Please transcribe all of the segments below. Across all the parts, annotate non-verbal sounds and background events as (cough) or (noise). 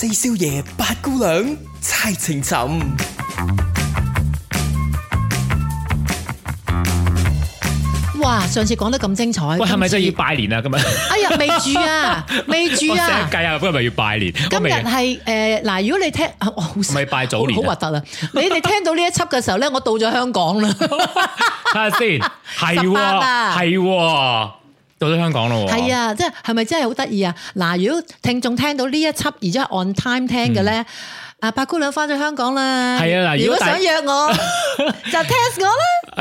四少爺八姑娘猜情尋，哇！上次講得咁精彩，喂，係咪真係要拜年啊？今日哎呀，未住啊，未住啊！計啊，不日咪要拜年。今日係誒，嗱、呃，如果你聽，啊、我好，唔係拜早年，好核突啊！你哋聽到呢一輯嘅時候咧，我到咗香港啦，睇下先，係喎、啊，係喎。到咗香港咯喎！係啊，即係係咪真係好得意啊？嗱、啊，如果聽眾聽到呢一輯而家 on time 聽嘅咧，阿、嗯啊、八姑娘翻咗香港啦！係啊，嗱，如果想約我， (laughs) 就 text 我啦。誒、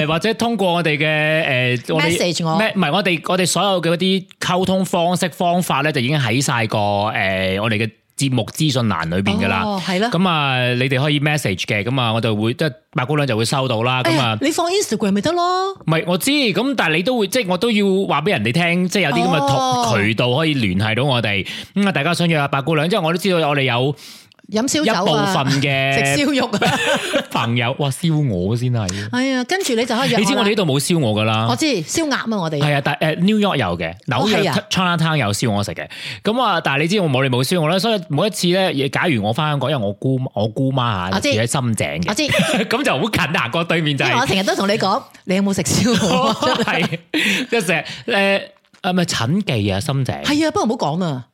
呃，或者通過我哋嘅誒 message 我，唔係我哋我哋所有嘅一啲溝通方式方法咧，就已經喺晒個誒、呃、我哋嘅。節目資訊欄裏邊噶啦，係啦、哦，咁啊、嗯，你哋可以 message 嘅，咁啊，我就會即係白姑娘就會收到啦，咁、嗯、啊、哎，你放 Instagram 咪得咯？唔係、嗯、我知，咁但係你都會，即係我都要話俾人哋聽，即係有啲咁嘅渠道可以聯繫到我哋，咁、嗯、啊，大家想約阿白姑娘，即係我都知道，我哋有。飲燒酒部分嘅食燒肉啊， (laughs) 朋友，哇，燒鵝先係。哎呀，跟住你就可以。你知我哋呢度冇燒鵝噶啦。我知燒鴨啊，我哋。係啊，但誒，New York 有嘅，紐約 China Town 有燒鵝食嘅。咁啊，但係你知我冇你冇燒鵝啦。所以每一次咧，假如我翻香港，因為我姑媽我姑媽吓住喺深井嘅。我知。咁 (laughs) 就好近啊，過對面就是。因、哎、我成日都同你講，你有冇食燒鵝？係、哦，即係成日誒誒，咪陳記啊，深井。係啊，不過唔好講啊。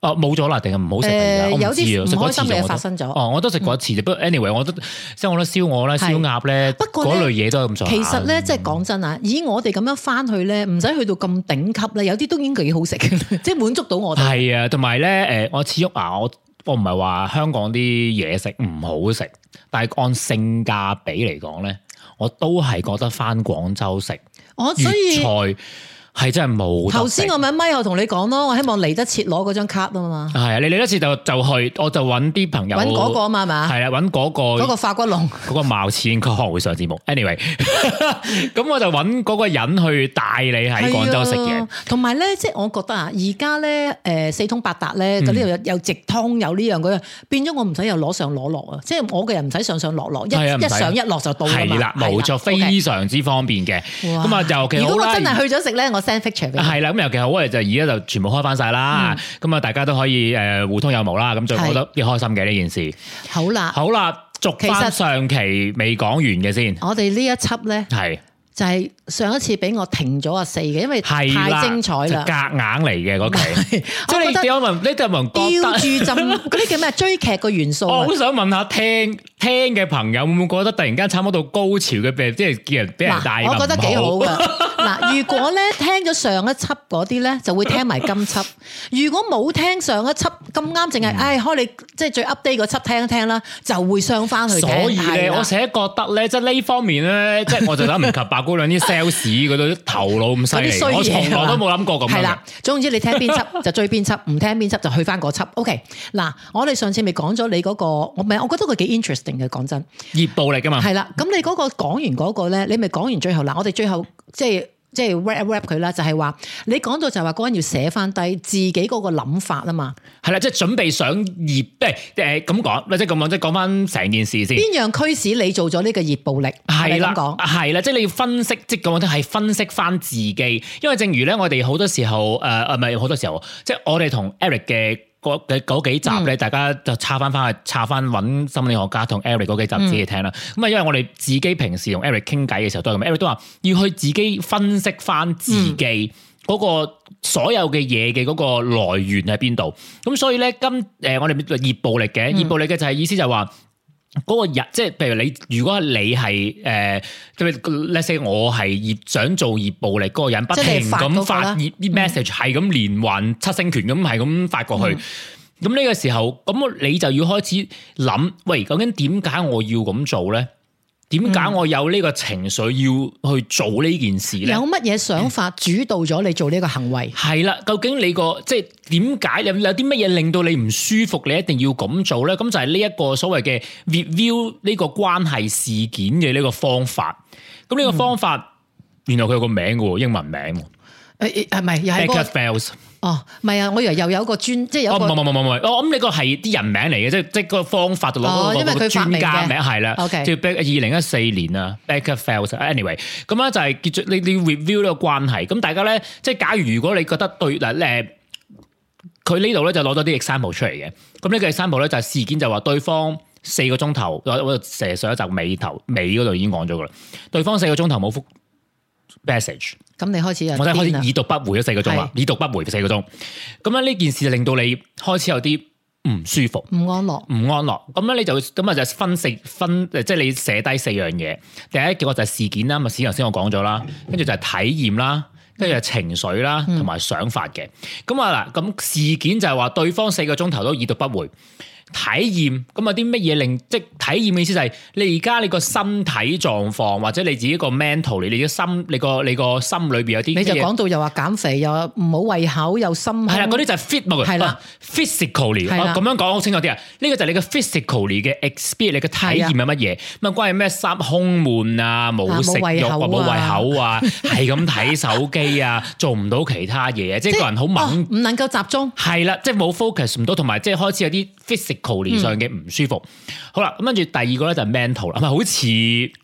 哦，冇咗啦，定係唔好食？有啲唔開心嘅事發生咗。哦，我都食過一次，不過 anyway，我覺得即係我覺得燒鵝咧、燒鴨咧嗰類嘢都係咁上下。其實咧，即係講真啊，以我哋咁樣翻去咧，唔使去到咁頂級咧，有啲都已經幾好食嘅，即係滿足到我。係啊，同埋咧，誒，我始終啊，我我唔係話香港啲嘢食唔好食，但係按性價比嚟講咧，我都係覺得翻廣州食，我粵菜。係真係冇。頭先我咪咪我同你講咯，我希望嚟得切攞嗰張卡啊嘛。係啊，你嚟得切就就去，我就揾啲朋友揾嗰個啊嘛，係嘛？係啊，揾嗰個嗰個發骨龍，嗰個茂千，佢可能會上節目。anyway，咁我就揾嗰個人去帶你喺廣州食嘢。同埋咧，即係我覺得啊，而家咧，誒四通八達咧，呢度又又直通，有呢樣嗰樣，變咗我唔使又攞上攞落啊，即係我嘅人唔使上上落落，一一上一落就到。係啦，冇錯，非常之方便嘅。咁啊，尤其如果我真係去咗食咧，我係啦，咁尤其好我哋就而家就全部開翻晒啦，咁啊大家都可以誒互通有無啦，咁就覺得幾開心嘅呢件事。好啦，好啦，續翻上期未講完嘅先。我哋呢一輯咧，係就係上一次俾我停咗啊四嘅，因為太精彩啦，夾硬嚟嘅嗰期。即係你點解問？你點解覺得？吊住就嗰啲叫咩追劇嘅元素？我好想問下聽聽嘅朋友，會唔會覺得突然間差唔多到高潮嘅病，即係叫人俾人大？我覺得幾好噶。嗱，如果咧聽咗上一輯嗰啲咧，就會聽埋今輯；如果冇聽上一輯咁啱，淨係唉開你即係最 update 嗰輯聽一聽啦，就會上翻去，所以了我成日覺得咧，即係呢方面咧，即係 (laughs) 我就諗唔及白姑娘啲 sales 嗰啲頭腦咁犀利。 (laughs) 壞我從來都冇諗過咁。係啦，總之，你聽邊輯就追邊輯，唔 (laughs) 聽邊輯就去翻嗰輯。OK，嗱，我哋上次咪講咗你嗰、嗰個，我咪，我覺得佢幾 interesting 嘅，講真。熱暴力嚟㗎嘛。係啦，咁你嗰個講完嗰、嗰個咧，你咪講完最後嗱，我哋最後。即係即係 rap rap 佢啦，就係話你講到就係話嗰個人要寫翻低自己嗰個諗法啊嘛，係啦，即係準備上頁、欸呃，即係即咁講，即係咁講，即係講翻成件事先。邊樣驅使你做咗呢個熱暴力？係啦的，係啦，即係你要分析，即係咁講，係分析翻自己，因為正如咧，我哋好多時候誒誒，唔係好多時候，即係我哋同 Eric 嘅。嗰幾集咧，嗯、大家就插翻翻去插翻揾心理學家同 Eric 嗰幾集自己聽啦。咁啊、嗯，因為我哋自己平時同 Eric 傾偈嘅時候都，都係同 Eric 都話要去自己分析翻自己嗰個所有嘅嘢嘅嗰個來源喺邊度。咁、嗯、所以咧，今誒、呃、我哋熱暴力嘅熱暴力嘅就係意思就係、係、話。嗯嗰個日，即係譬如你，如果你係誒，即係 let's say 我係業想做熱暴力嗰、那個人，不停咁發 message，係咁連環七星拳咁，係咁發過去。咁呢、嗯、個時候，咁你就要開始諗，喂，究竟點解我要咁做咧？點解我有呢個情緒要去做呢件事咧？有乜嘢想法主導咗你做呢個行為？係啦， (noise) 究竟你個即係點解有有啲乜嘢令到你唔舒服？你一定要咁做咧？咁就係呢一個所謂嘅 review 呢個關係事件嘅呢個方法。咁呢個方法，嗯、原來佢有個名嘅喎，英文名。誒、呃，係咪又係？哦，唔係啊，我以為又有一個專，即係有個。哦，唔唔唔唔唔，哦咁，你個係啲人名嚟嘅，即係即係個方法攞嗰個專家名係啦。O K.，即係 back 二零一四年啊，back f i l e d Anyway，咁咧就係結著你你 review 呢個關係。咁大家咧，即係假如如果你覺得對嗱誒，佢、呃、呢度咧就攞咗啲 example 出嚟嘅。咁呢個 example 咧就係事件，就話對方四個鐘頭，我我成上一集尾頭尾嗰度已經講咗嘅啦。對方四個鐘頭冇覆。message，咁你開始又我真係開始已讀不回咗四個鐘啊，是已讀不回四個鐘，咁樣，呢件事就令到你開始有啲唔舒服，唔安樂，唔安樂，咁樣你就咁啊就分四分誒，即係你寫低四樣嘢，第一個就係事件啦，咪事頭先我講咗啦，跟住就係體驗啦，跟住係情緒啦，同埋想法嘅，咁啊嗱，咁事件就係話對方四個鐘頭都已讀不回。體驗咁有啲乜嘢令即係體驗嘅意思就係你而家你個身體狀況或者你自己個 mental 你你嘅心你個你個心裏邊有啲你就講到又話減肥又話唔好胃口又心係啦嗰啲就係 fitment 係啦 physically，我咁樣講好清楚啲啊，呢個就係你嘅 physically 嘅 experience 你嘅體驗係乜嘢？咁啊關係咩？塞胸悶啊，冇食慾啊，冇胃口啊，係咁睇手機啊，做唔到其他嘢，即係個人好猛唔能夠集中係啦，即係冇 focus 唔到，同埋即係開始有啲。physical 上嘅唔舒服，好啦，咁跟住第二個咧就 mental 啦，唔係好似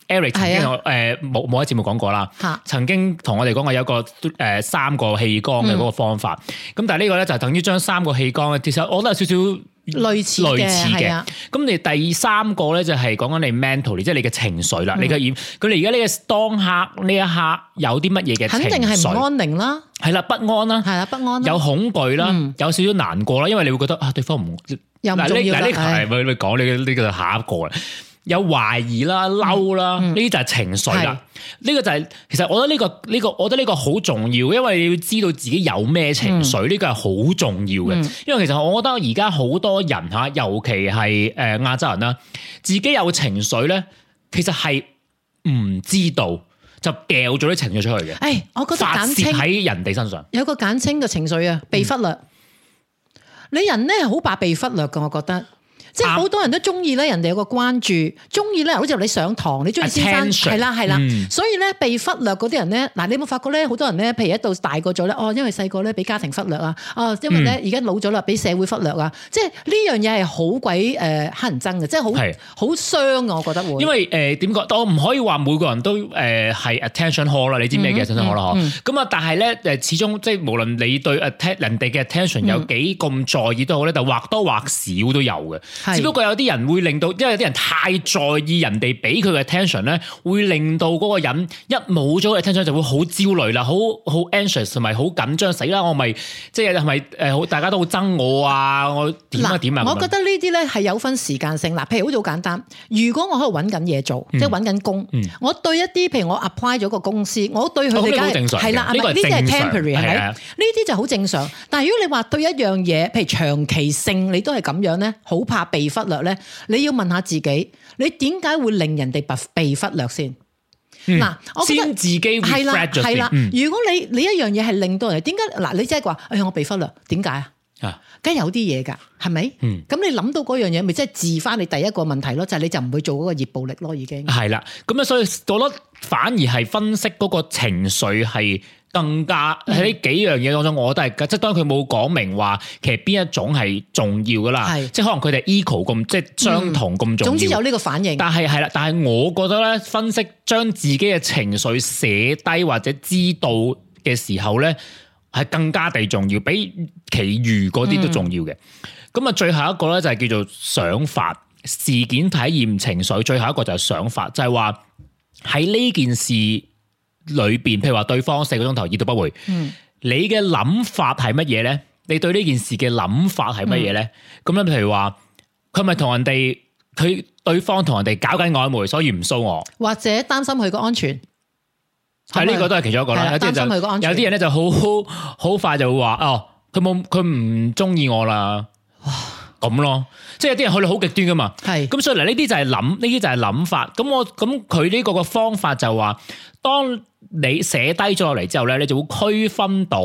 Eric 曾經誒冇冇喺節目講過啦，曾經同我哋講過有個誒三個氣缸嘅嗰個方法，咁但係呢個咧就等於將三個氣缸，其實我都有少少類似嘅，咁你第三個咧就係講緊你 mental，即係你嘅情緒啦，你嘅現佢哋而家呢個當刻呢一刻有啲乜嘢嘅情緒，肯定係唔安寧啦，係啦，不安啦，係啦，不安，有恐懼啦，有少少難過啦，因為你會覺得啊，對方唔。嗱，呢，呢排咪講呢個呢個下一個啦，有懷疑啦、嬲啦，呢啲、嗯嗯、就係情緒啦。呢是個就係、是、其實我覺得呢、呢個呢、呢個，我覺得呢個好重要，因為你要知道自己有咩情緒，呢、嗯、個係好重要嘅。嗯、因為其實我覺得而家好多人嚇，尤其係誒亞洲人啦，自己有情緒咧，其實係唔知道就掉咗啲情緒出去嘅。誒、哎，我覺得簡發泄喺人哋身上，有個簡稱嘅情緒啊，被忽略。嗯。你人咧，好怕被忽略嘅，我覺得。即係好多人都中意咧，人哋有個關注，中意咧，好似你上堂，你中意先生，係啦 Attention，係啦。嗯、所以咧，被忽略嗰啲人咧，嗱，你有冇發覺咧？好多人咧，譬如一到大個咗咧，哦，因為細個咧俾家庭忽略啊，哦，因為咧而家老咗啦，俾社會忽略啊。嗯、即係呢樣嘢係好鬼誒黑人憎嘅，即係好好傷我覺得會。因為誒點講？呃、我唔可以話每個人都誒係、呃、attention whore 啦。你知咩嘅 attention whore 啦咁啊，但係咧誒始終即係無論你對人哋嘅 attention 有幾咁在意都好咧，就或多或少都有嘅。只不過有啲人會令到，因為有啲人太在意人哋俾佢嘅 attention 咧，會令到嗰個人一冇咗個 attention 就會好焦慮啦，好好 anxious 同埋好緊張死啦，我咪即係咪誒，大家都好憎我啊，我點啊點啊！我覺得呢啲咧係有分時間性嗱，譬如好似好簡單，如果我喺度搵緊嘢做，嗯、即係搵緊工，嗯、我對一啲譬如我 apply 咗個公司，我對佢哋係啦，呢啲係 temporary，係咪？呢啲就好正常。但係如果你話對一樣嘢，譬如長期性，你都係咁樣咧，好怕。被忽略咧，你要問下自己，你點解會令人哋被忽略先？嗱、嗯，我先自己係啦，係啦。嗯、如果你你一樣嘢係令到人哋，點解嗱？你即係話，哎我被忽略，點解啊？啊，梗係有啲嘢噶，係咪？嗯，咁你諗到嗰樣嘢，咪即係治翻你第一個問題咯，就係、係、你就唔會做嗰個熱暴力咯，已經係啦。咁啊，所以我諗反而係分析嗰個情緒係。更加喺呢幾樣嘢、嗯、當中，我都係即係當佢冇講明話其實邊一種係重要噶啦，是即係可能佢哋 Echo 咁，嗯、即係相同咁重要。總之有呢個反應。但係係啦，但係我覺得咧，分析將自己嘅情緒寫低或者知道嘅時候咧，係更加地重要，比其餘嗰啲都重要嘅。咁啊、嗯，最後一個咧就係叫做想法、事件、體驗、情緒。最後一個就係想法，就係話喺呢件事。裏邊，譬如話對方四個鐘頭已讀不回，嗯，你嘅諗法係乜嘢咧？你對呢件事嘅諗法係乜嘢咧？咁咧、嗯，譬如話佢咪同人哋，佢對方同人哋搞緊曖昧，所以唔騷我，或者擔心佢個安全，係呢、這個都係其中一個啦。擔心佢個安全，有啲人咧就好好快就會話哦，佢冇佢唔中意我啦，哇唉，咁咯，即係有啲人去到好極端噶嘛，係是，咁所以嗱，呢啲就係諗，呢啲就係諗法。咁我咁佢呢個個方法就話、是、當。你寫低咗落嚟之後咧，你就會區分到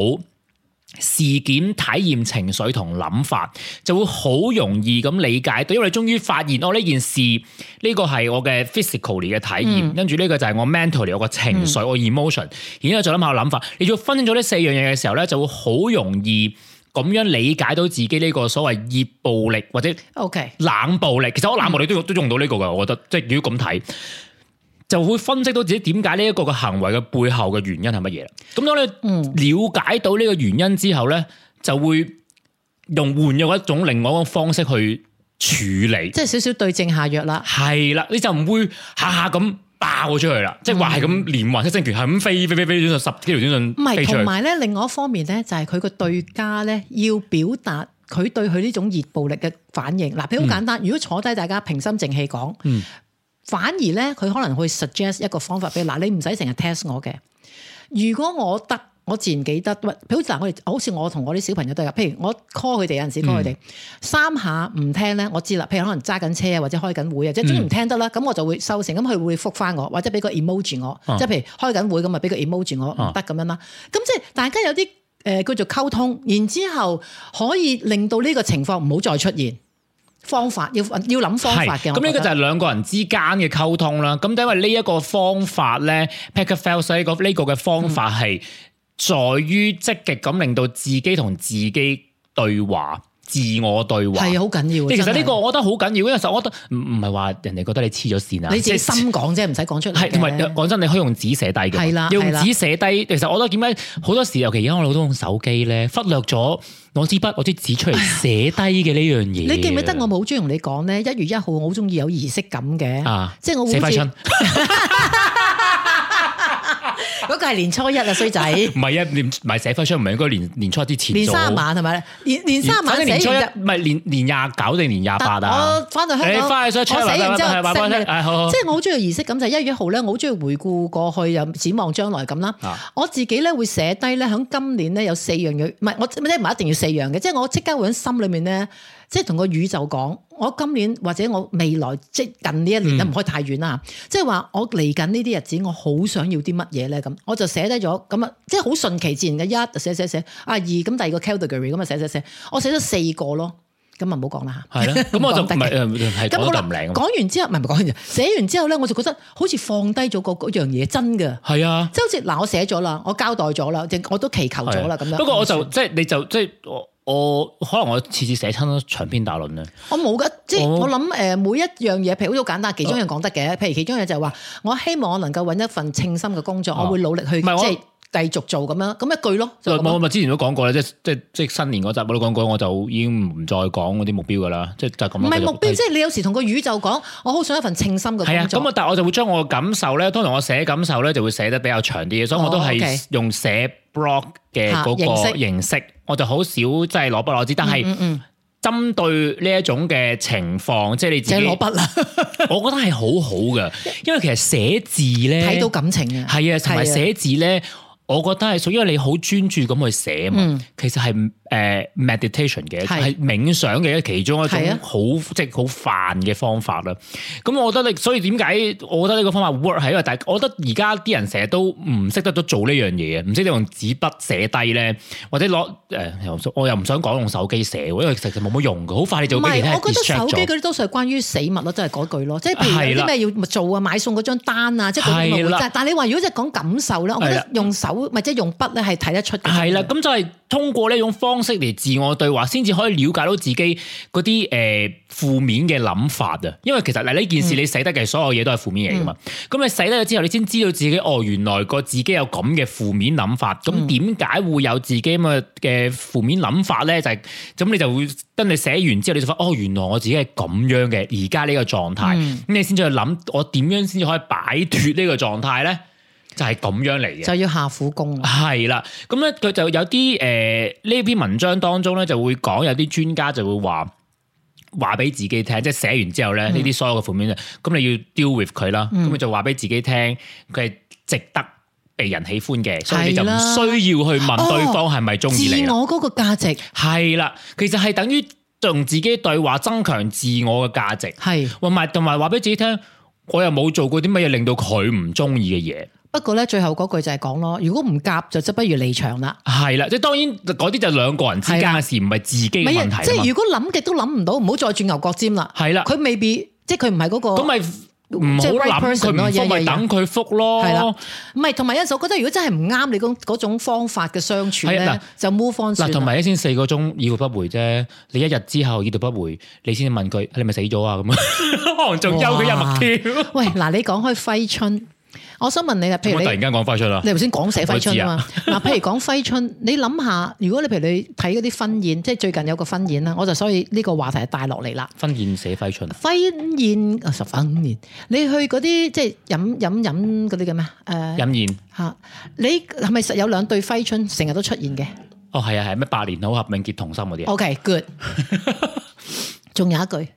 事件、體驗、情緒同諗法，就會好容易咁理解到。因為你終於發現我呢件事，呢個係我嘅 physically 嘅體驗，跟住呢個就係我 mentally 我個情緒，我 emotion、嗯、然之後再諗下諗法。你要分咗呢四樣嘢嘅時候咧，就會好容易咁樣理解到自己呢個所謂熱暴力或者 OK 冷暴力。嗯、其實我冷暴力都都用到呢個噶，嗯、我覺得即係如果咁睇。就會分析到自己點解呢一個嘅行為嘅背後嘅原因係乜嘢啦。咁當你了解到呢個原因之後咧，嗯、就會用換用一種另外一個方式去處理，即係少少對症下藥啦。係啦，你就唔會下下咁爆出去啦，嗯、即係話係咁連環式升權，係咁飛飛飛飛咗十幾條短訊。唔係同埋咧，另外一方面咧，就係佢個對家咧要表達佢對佢呢種熱暴力嘅反應。嗱，譬如好簡單，嗯、如果坐低大，大家平心靜氣講。說反而咧，佢可能會 suggest 一個方法俾你。嗱，你唔使成日 test 我嘅。如果我得，我自然記得。喂，譬如好似我同我啲小朋友都有。譬如我 call 佢哋有陣時 call 佢哋，嗯、三下唔聽咧，我知啦。譬如可能揸緊車啊，或者開緊會啊，即係總之唔聽得啦。咁我就會收成，咁佢會覆返我，或者俾個 emoji 我。即係、嗯、譬如開緊會咁啊，俾個 emoji 我得咁、嗯、樣啦。咁即係大家有啲誒叫做溝通，然之後可以令到呢個情況唔好再出現。方法要要諗方法嘅，咁呢個就係兩個人之間嘅溝通啦。咁因為呢一個方法咧， (noise) Packer felt 所以個呢個嘅方法係在於積極咁令到自己同自己對話。自我對話係好緊要。其實呢個我覺得好緊要，因為實我覺得唔唔係話人哋覺得你黐咗線啊。你自己心講啫，唔使講出嚟。係，同埋講真，你可以用紙寫低嘅。係啦的，用紙寫低。的其實我覺得點解好多時，尤其而家我老多用手機咧，忽略咗攞支筆，或者紙出嚟寫低嘅呢樣嘢。 (laughs) 你記唔記得我冇好中意同你講咧？一月一號，我好中意有儀式感嘅，啊、即係我會寫揮春。 (laughs) 梗係年初一啊，衰仔！唔係啊，年唔係寫翻出嚟，唔應該年年初一之前。年三晚係咪？年年三晚寫。年初唔係年年廿九定年廿八啊？我翻到香港，去我寫完之後，即係我好中意儀式咁，就係一月一號咧，我好中意回顧過去又展望將來咁啦。啊、我自己咧會寫低咧，喺今年咧有四樣嘢，唔係我唔一定要四樣嘅，即係我即刻會喺心裏面咧。即係同個宇宙講，我今年或者我未來即近呢一年都唔可以太遠啦。即係話我嚟緊呢啲日子，我好想要啲乜嘢咧？咁我就寫低咗咁啊，即係好順其自然嘅一寫寫寫，啊二咁第二個 category 咁啊寫寫寫，我寫咗四個咯，咁啊唔好講啦吓。係啦，咁我就唔係誒，好講得唔靚。講完之後，唔係唔係講完，寫完之後咧，我就覺得好似放低咗嗰嗰樣嘢真嘅。係啊，即係好似嗱，我寫咗啦，我交代咗啦，我都祈求咗啦，咁樣。不過我就即係你就即係我。我可能我次次寫親長篇大論咧，我冇噶，即係我諗誒，每一樣嘢，譬如好簡單，其中一樣講得嘅，譬如其中一樣就係話，我希望我能夠揾一份稱心嘅工作，我會努力去即係繼續做咁樣，咁一句咯。唔係，我咪之前都講過啦，即係即係即係新年嗰集我都講過，我就已經唔再講嗰啲目標噶啦，即係就係咁。唔係目標，即係你有時同個宇宙講，我好想一份稱心嘅工作。係啊，咁啊，但係我就會將我嘅感受咧，通常我寫感受咧就會寫得比較長啲，所以我都係用寫 blog 嘅嗰個形式。我就好少即係攞筆攞紙，但係針對呢一種嘅情況，嗯嗯即係你自己攞筆啦。筆我覺得係好好㗎， (laughs) 因為其實寫字咧睇到感情啊，係啊，同埋寫字咧，是的 我覺得係屬於你好專注咁去寫嘛，嗯、其實係。誒、呃、meditation 嘅係是冥想嘅其中一種好是、啊、即係好煩嘅方法啦。咁我覺得你，所以點解我覺得呢個方法 work 係因為大家我覺得而家啲人成日都唔識得咗做呢樣嘢嘅，唔識用紙筆寫低咧，或者攞誒、呃，我又唔想講用手機寫，因為其實冇乜用嘅，好快就你就記係 check 咗唔係，我覺得手機嗰啲多數係關於死物咯、就是是的，即係嗰句咯，即係譬如啲咩要做啊，買餸嗰張單啊，即係咁樣。係啦，但係你話如果即係講感受咧，我覺得用手或者是的 用筆咧係睇得出嘅。係啦，咁就係。通過呢種方式嚟自我對話，先至可以了解到自己嗰啲誒負面嘅諗法啊。因為其實嗱呢件事你寫得嘅、嗯、所有嘢都係負面嘢噶嘛。咁、嗯、你寫咗之後，你先知道自己哦，原來個自己有咁嘅負面諗法。咁點解會有自己咁嘅負面諗法咧？嗯、就係、是、咁，你就會等你寫完之後，你就發哦，原來我自己係咁樣嘅，而家呢個狀態，咁、嗯、你先至去諗我點樣先至可以擺脱呢個狀態咧？就係咁樣嚟嘅，就要下苦功。係啦，咁咧佢就有啲誒呢篇文章當中咧，就會講有啲專家就會話話俾自己聽，即係寫完之後咧，呢啲、嗯、所有嘅負面嘅，咁你要 deal with 佢啦。咁佢、嗯、就話俾自己聽，佢係值得被人喜歡嘅，嗯、所以你就唔需要去問對方係咪中意你，哦。自我嗰個價值係啦，其實係等於同自己對話，增強自我嘅價值，係同埋同埋話俾自己聽，我又冇做過啲乜嘢令到佢唔中意嘅嘢。不過咧，最後嗰句就係講咯，如果唔夾就即不如離場啦。係啦，即當然嗰啲就兩個人之間嘅事，唔係自己問題。即如果諗極都諗唔到，唔好再轉牛角尖啦。係啦，佢未必，即佢唔係嗰個。咁咪唔好諗，等佢復咯。係啦，唔係同埋一首，我覺得如果真係唔啱你嗰、嗰種方法嘅相處咧，就 move on。嗱，同埋一先四個鐘已讀不回啫，你一日之後已讀不回，你先至問佢你咪死咗啊？咁可能仲休佢一麥跳。喂，嗱，你講開揮春。我想問你啦，譬如你突然間講揮春啦，你頭先講寫揮春啊。嗱， (laughs) 譬如講揮春，你諗下，如果你譬如你睇嗰啲婚宴，即係最近有個婚宴啦，我就所以呢個話題係帶落嚟啦。婚宴寫揮春。輝宴啊、哦，十五年，你去嗰啲即係飲飲飲嗰啲叫咩？誒、呃。飲宴。嚇，你係咪實有兩對揮春成日都出現嘅？哦，係啊，係咩百年好合、永結同心嗰啲。OK，good。仲有一句。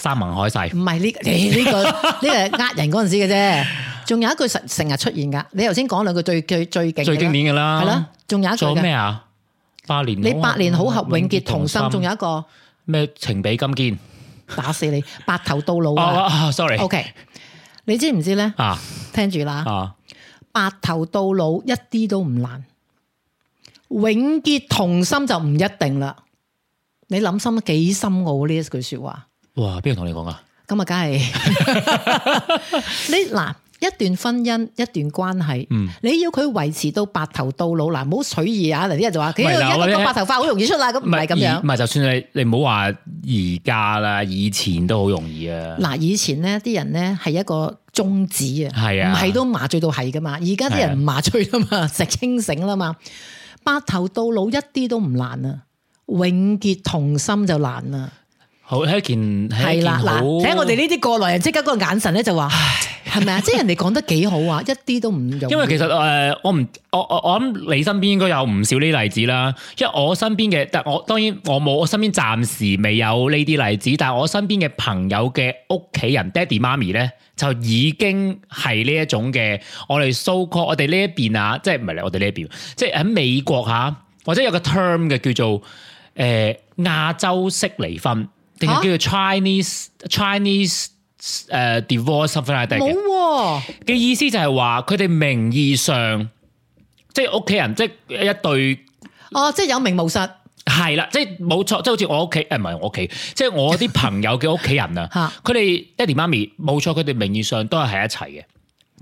山盟海誓，唔係呢？呢個呢個呃人嗰陣時嘅啫。仲有一句實成日出現噶，你頭先講兩句最最最勁，最經典噶啦。係咯，仲有一句嘅。做咩啊？八年你百年好合，永結同心。仲有一個咩情比金堅，打死你白頭到老。sorry，ok，你知唔知咧？啊，聽住啦，白頭到老一啲都唔難，永結同心就唔一定啦。你諗深幾深奧呢？一句說話。哇！邊個同你講啊？咁啊，梗係 (laughs) (laughs) 你嗱，一段婚姻，一段關係，嗯，你要佢維持到白頭到老，嗱說，唔好隨意啊！嗱啲人就話，佢有一個白頭髮，好容易出啦，咁唔係咁樣。唔係就算你，你唔好話而家啦，以前都好容易啊。嗱，以前咧，啲人咧係一個宗旨是啊，係啊，唔係都麻醉到係噶嘛。而家啲人唔麻醉啦嘛，食是、啊、清醒啦嘛，白頭到老一啲都唔難啊，永結同心就難啦。好係一件係的一嗱，睇我哋呢啲過來人即刻嗰個眼神咧，就話唉：，係咪啊？即係人哋講得幾好啊！ (laughs) 一啲都唔用。因為其實誒，我唔我我我諗你身邊應該有唔少呢啲例子啦。因為我身邊嘅，但我當然我冇，我身邊暫時未有呢啲例子。但係我身邊嘅朋友嘅屋企人，爹地媽咪咧，就已經係呢一種嘅。我哋 so call 我哋呢一邊啊，即係唔係嚟？我哋呢一邊，即係喺美國嚇，或者有個 term 嘅叫做誒、呃、亞洲式離婚。定係叫做 Chinese Chinese 誒，divorce 啊，乜嘢、uh, like、啊？冇嘅意思就係話佢哋名義上即係屋企人，即係一對哦，即係有名無實係啦，即係冇錯，即係好似我屋企誒，唔係我屋企， (laughs) 即係我啲朋友嘅屋企人啊，佢哋 (laughs) 爹哋媽咪冇錯，佢哋名義上都係喺一齊嘅，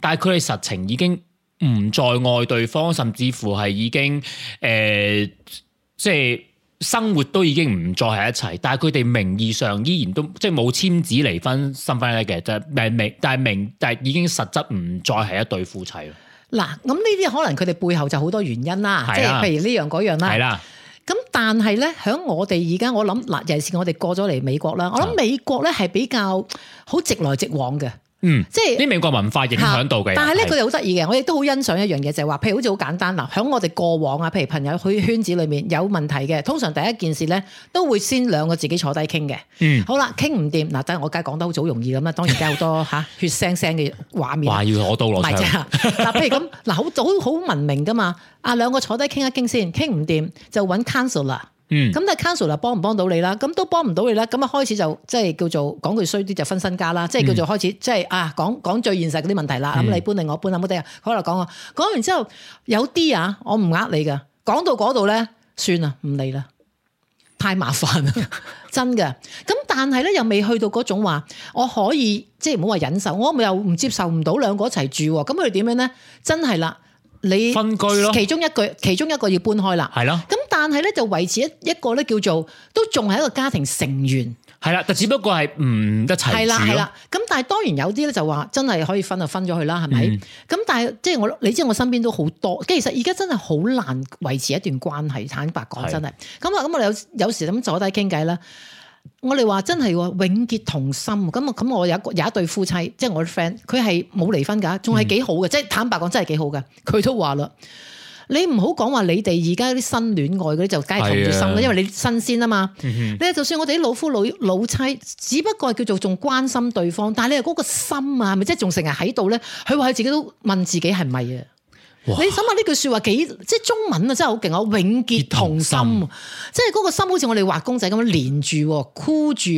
但係佢哋實情已經唔再愛對方，甚至乎係已經誒、呃，即係。生活都已經唔再係一齊，但係佢哋名義上依然都即係冇簽紙離婚，身分婚嘅，即係名名但係名但係已經實質唔再係一對夫妻咯。嗱，咁呢啲可能佢哋背後就好多原因啦，啊、即係譬如樣樣、啊、呢樣嗰樣啦。係啦，咁但係咧，喺我哋而家我諗嗱，尤其是我哋過咗嚟美國啦，我諗美國咧係比較好直來直往嘅。嗯，即係是啲美國文化影響到嘅，但係咧佢好得意嘅，我亦都好欣賞一樣嘢就係話，譬如好似好簡單嗱，響、呃、我哋過往啊，譬如朋友去圈子裏面有問題嘅，通常第一件事咧都會先兩個自己坐低傾嘅。嗯，好啦，傾唔掂嗱，真、呃、我梗係講得好早容易咁啦，當然而家好多吓、 (laughs) 啊、血腥腥嘅畫面，話要攞刀攞嗱、呃，譬如咁，嗱好好好文明噶嘛，啊，兩個坐低傾一傾先，傾唔掂就揾 counsellor 啦。.咁、嗯、但係 council 啦，幫唔幫到你啦？咁都幫唔到你啦。咁啊開始就即係叫做講句衰啲就分身家啦，嗯、即係叫做開始即係啊講講最現實嗰啲問題啦。咁、嗯、你搬定我搬啊？冇得啊，好啦，講我講完之後，有啲啊，我唔呃你噶，講到嗰度咧，算啦，唔理啦，太麻煩啦，真噶。咁但係咧又未去到嗰種話，我可以即係唔好話忍受，我又唔接受唔到兩個一齊住。咁佢哋點樣咧？真係啦，你分居咯，其中一句，據其中一個要搬開啦，係咯，咁。但係咧，就維持一一個咧，叫做都仲係一個家庭成員係啦，但只不過係唔一齊。係啦，係啦。咁但係當然有啲咧，就話真係可以分就分咗佢啦，係咪？咁、嗯、但係即係我，你知我身邊都好多，即係其實而家真係好難維持一段關係。坦白講，真係咁啊，咁係啦、嗯、我有有時咁坐低傾偈啦，我哋話真係永結同心。咁啊，咁我有有一對夫妻，就是嗯、即係我啲 friend，佢係冇離婚噶，仲係幾好嘅，即係坦白講真係幾好嘅。佢都話啦。你唔好講話你哋而家啲新戀愛，嗰啲就梗係同心啦，是的 因為你新鮮啊嘛。嗯、哼 你就算我哋啲老夫老老妻，只不過叫做仲關心對方，但係你係嗰個心啊，咪即係仲成日喺度咧。佢話佢自己都問自己係咪啊？哇你諗下呢句説話幾即係中文啊，真係好勁啊！永結同心，同心即係嗰個心，好似我哋畫公仔咁樣連住箍住。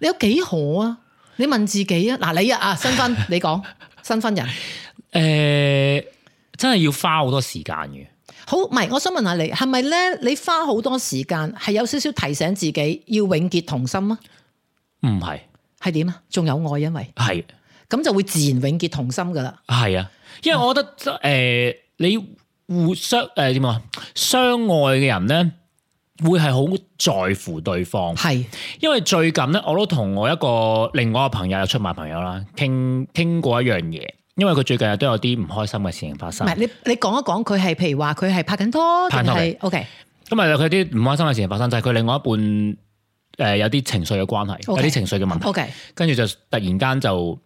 你有幾好啊？你問自己啊？嗱，你啊啊新婚，你講新婚人，誒。 (laughs) 欸真係要花好多時間嘅，好，唔係，我想問下你，係咪咧？你花好多時間，係有少少提醒自己要永,要永結同心啊？唔係是，係點啊？仲有愛，因為係，咁就會自然永結同心噶啦。係啊，是因為我覺得誒、呃，你互相誒點啊？相,、呃相,呃、相,相愛嘅人咧，會係好在乎對方。係是，因為最近咧，我都同我一個另外一個朋友有出賣朋友啦，傾傾過一樣嘢。因為佢最近都有啲唔開心嘅事情發生。唔係你你講一講佢係，譬如話佢係拍緊拖，但係 O K。咁啊佢啲唔開心嘅事情發生，就係、是、佢另外一半誒有啲情緒嘅關係，okay, 有啲情緒嘅問題。O K，跟住就突然間就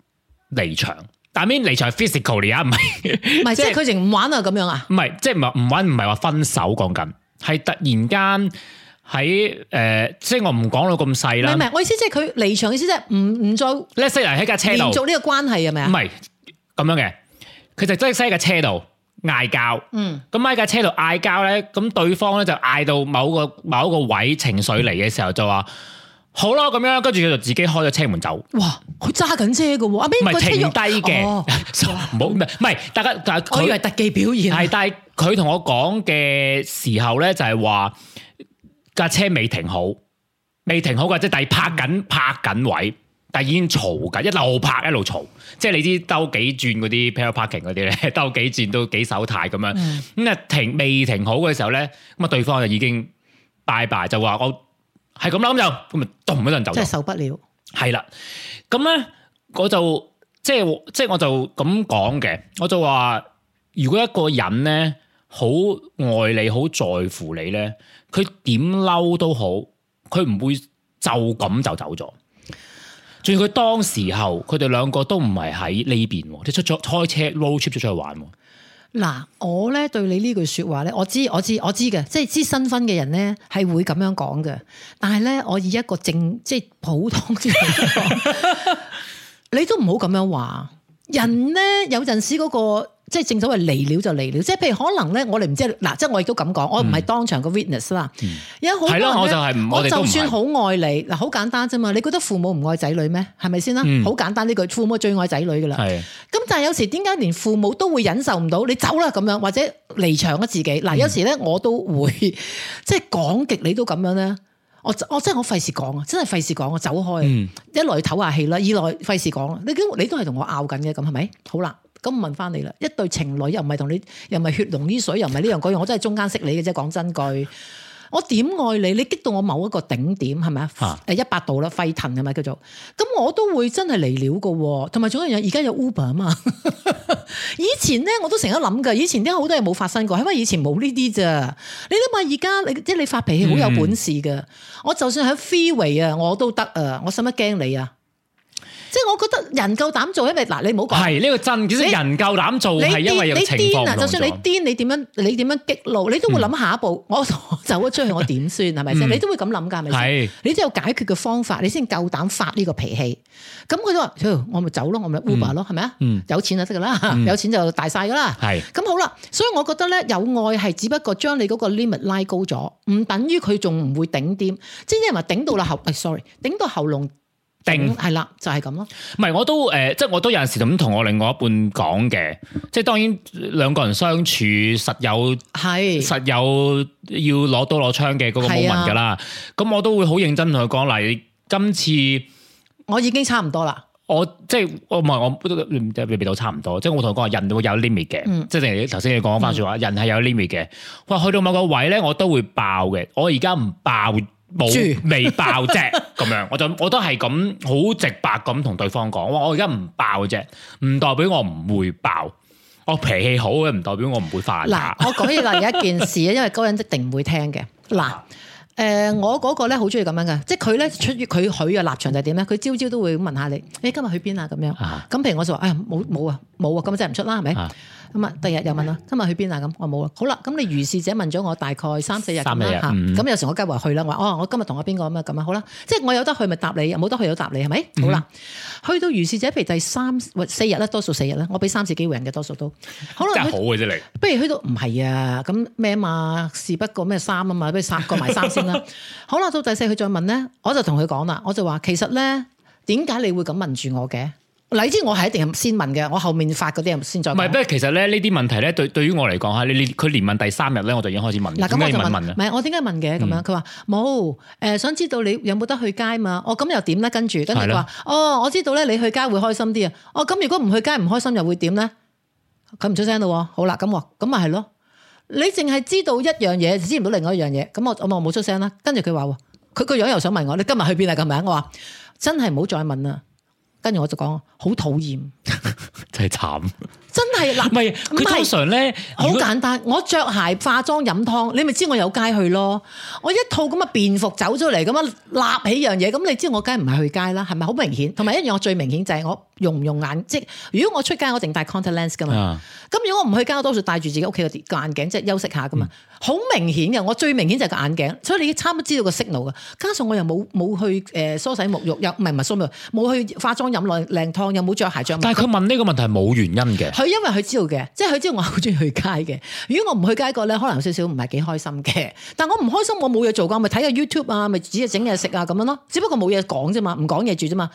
離場，但係咩離場 physical 嚟啊？唔係，唔係是、就是、即係佢仍唔玩啊？咁樣啊？唔、就、係、是，即係唔係唔玩，唔係話分手講緊，係突然間喺誒，即、呃、係、就是、我唔講到咁細啦。唔係，我意思即係佢離場意思即係唔唔再。Let's say 喺架車度，延續呢個關係係咪啊？唔係。咁樣嘅，佢就真係喺架車度嗌交，嗯，咁喺架車度嗌交咧，咁對方咧就嗌到某個某一個位情緒嚟嘅時候就話好咯，咁樣跟住佢就自己開咗車門走。哇，佢揸緊車㗎，阿邊個車唔係停低嘅，就話唔好，唔係大家，佢以為特技表現係，但係佢同我講嘅時候咧就係話架車未停好，未停好嘅，即係第拍緊拍緊位。但已經嘈㗎，一路拍一路嘈，即係你知兜幾轉嗰啲 pair parking 嗰啲咧，兜 (laughs) 幾轉都幾手太咁樣。咁啊、嗯、停未停好嘅時候咧，咁啊對方就已經拜拜，就話我係咁諗就咁啊，咚一陣走。真係受不了。係啦，咁咧我就即係即係我就咁講嘅，我就話如果一個人咧好愛你好在乎你咧，佢點嬲都好，佢唔會就咁就走咗。仲要佢當時候，佢哋兩個都唔係喺呢邊，即係出咗開車 road trip 出去玩。嗱，我咧對你呢句説話咧，我知我知我知嘅，即係知新婚嘅人咧係會咁樣講嘅，但係咧我以一個正即係普通嘅， (laughs) 你都唔好咁樣話。人咧有陣時嗰、那個。即係正所謂離了就離了，即係譬如可能咧，我哋唔知嗱，即係我亦都咁講，我唔係當場個 witness 啦。有好、嗯、我，我就算好愛你嗱，好簡單啫嘛。你覺得父母唔愛仔女咩，係咪先啦？好、嗯、簡單呢句，父母最愛仔女噶啦。咁的但係有時點解連父母都會忍受唔到你走啦咁樣，或者離場啊，自己嗱？嗯、有時咧我都會即係講極你都咁樣咧，我我真係我費事講啊，真係費事講，我走開。嗯、一來唞下氣啦，二來費事講啦。你都你都係同我拗緊嘅咁係咪？好啦。好咁問翻你啦，一對情侶又唔係同你，又唔係血濃於水，又唔係呢樣嗰樣，我真係中間識你嘅啫。講真句，我點愛你？你激到我某一個頂點，係咪啊？誒一百度啦，沸騰係咪叫做？咁我都會真係嚟料嘅喎。同埋仲有一樣嘢，而家有 Uber 啊嘛。以前咧我都成日諗嘅，以前點解好多嘢冇發生過，係因為以前冇呢啲咋。你諗下而家，即係你發脾氣好有本事嘅，嗯、我就算喺 free way 啊，我都得啊，我使乜驚你啊？即係我覺得人夠膽做，因為嗱，你唔好講係呢個真。即係人夠膽做係因為有情況你你癲啊！就算你癲，你點樣你點樣激怒，你都會諗下一步。嗯、我，我走咗出去，我點算係咪先？你都會咁諗㗎，係咪是 你都有解決嘅方法，你先夠膽發呢個脾氣。咁佢都話，我咪走咯，我咪 Uber 咯，係咪啊？有錢就得㗎啦，嗯、 (laughs) 有錢就大晒㗎啦。係。咁好啦，所以我覺得咧，有愛係只不過將你嗰個 limit 拉高咗，唔等於佢仲唔會頂點。即係因為頂到啦喉、哎、，sorry，頂到喉嚨。嗯、定係啦、嗯，就係咁咯。唔係，我都誒、呃，即係我都有陣時咁同我另外一半講嘅，即係當然兩個人相處實有係是實有要攞刀攞槍嘅嗰個 moment 噶啦。咁、啊、我都會好認真同佢講，嗱，今次我已經差唔多啦。我即係、呃、我唔係我都未未到差唔多，即係我同佢講話，人都會有 limit 嘅，即係頭先你講翻說話，嗯、人係有 limit 嘅。喂，去到某個位咧，我都會爆嘅。我而家唔爆。冇未住爆啫，咁樣我就我都係咁好直白咁同對方講，我而家唔爆啫，唔代表我唔會爆。我脾氣好嘅，唔代表我唔會發。嗱，我講嘢啦，有一件事咧， (laughs) 因為高人一定唔會聽嘅嗱，誒、呃，我嗰個咧好中意咁樣嘅，即係佢咧出於佢許嘅立場就係點咧，佢朝朝都會問下你，誒、哎，今日去邊啊？咁樣咁，譬如我就話，哎，冇冇啊，冇啊，咁真係唔出啦，係咪？今日、嗯、第日又問啦，嗯、今日去邊啊？咁我冇啦，好啦，咁你如是者問咗我大概三四日咁啦嚇，咁有時我梗係話去啦，我話哦，我今日同我邊個咁啊咁啊，好啦，即係我有得去咪答你，冇得去有答你係咪？好啦，嗯、去到如是者，譬如第三四日啦，多數四日啦，我俾三次機會人嘅多數都，好好嘅、啊、啫。他你不如去到唔係啊，咁咩啊嘛，事不過咩三啊嘛，不如三過埋三先啦。 (laughs) 好啦，到第四佢再問咧，我就同佢講啦，我就話其實咧，點解你會咁問住我嘅？你知我係一定先問嘅，我後面發嗰啲人先再問。唔係，不過其實咧呢啲問題咧，對對於我嚟講吓，你佢連問第三日咧，我就已經開始問，點解要問啊？唔係我點解問嘅？咁樣佢話冇誒，想知道你有冇得去街嘛？我、哦、咁又點咧？跟住跟住佢話哦，我知道咧，你去街會開心啲啊。哦，咁如果唔去街唔開心又會點咧？佢唔出聲咯、哦。好啦，咁我咁咪係咯。你淨係知道一樣嘢，就知唔到另外一樣嘢。咁我我冇出聲啦。跟住佢話佢個樣又想問我，你今日去邊啊？咁樣我話真係唔好再問啦。跟住我就講，好討厭， (laughs) 真係慘。真係嗱，唔係佢通常咧，好簡單。如果我着鞋、化妝、飲湯，你咪知我有街去咯。我一套咁嘅便服走出嚟咁樣立起樣嘢，咁你知我梗係唔係去街啦？係咪好明顯？同埋一樣，我最明顯就係我用唔用眼，即如果我出街我淨戴 contact lens 㗎嘛、嗯。咁如果我唔去街，我多數戴住自己屋企嘅眼鏡，即係休息下㗎嘛。好、嗯、明顯嘅，我最明顯就係個眼鏡，所以你差唔多知道個 signal 㗎。加上我又冇冇去誒梳洗沐浴，又唔係唔梳洗，冇去化妝飲涼涼湯，又冇着鞋著。鞋鞋但係佢問呢個問題係冇原因嘅。佢因為佢知道嘅，即係佢知道我好中意去街嘅。如果我唔去街個咧，可能有少少唔係幾開心嘅。但我唔開心，我冇嘢做噶，咪睇下 YouTube 啊，咪煮嘢整嘢食啊咁樣咯。只不過冇嘢講啫嘛，唔講嘢住啫嘛。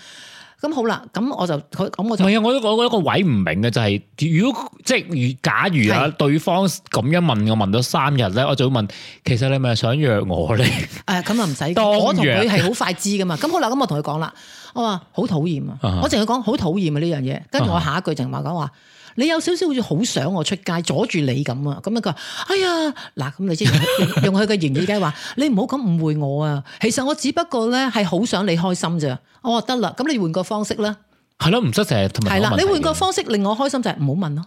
咁好啦，咁我就咁我就唔係啊！我我我一個位唔明嘅就係、是，如果即係假如啊，對方咁樣問是我問咗三日咧，我就會問：其實你咪想約我咧？誒，咁啊唔使，我同佢係好快知噶嘛。咁好啦，咁、uh huh。我同佢講啦。我話好討厭啊！我淨係講好討厭啊呢樣嘢。跟住我下一句成日講話。你有少少好似好想我出街，阻住你咁啊？咁啊佢話：哎呀，嗱，咁你先用佢嘅言語梗係話，你唔好咁誤會我啊！其實我只不過咧係好想你開心啫。我話得啦，咁你換個方式啦。係咯，唔識就係同埋唔問。係啦，你換個方式令我開心就係唔好問咯。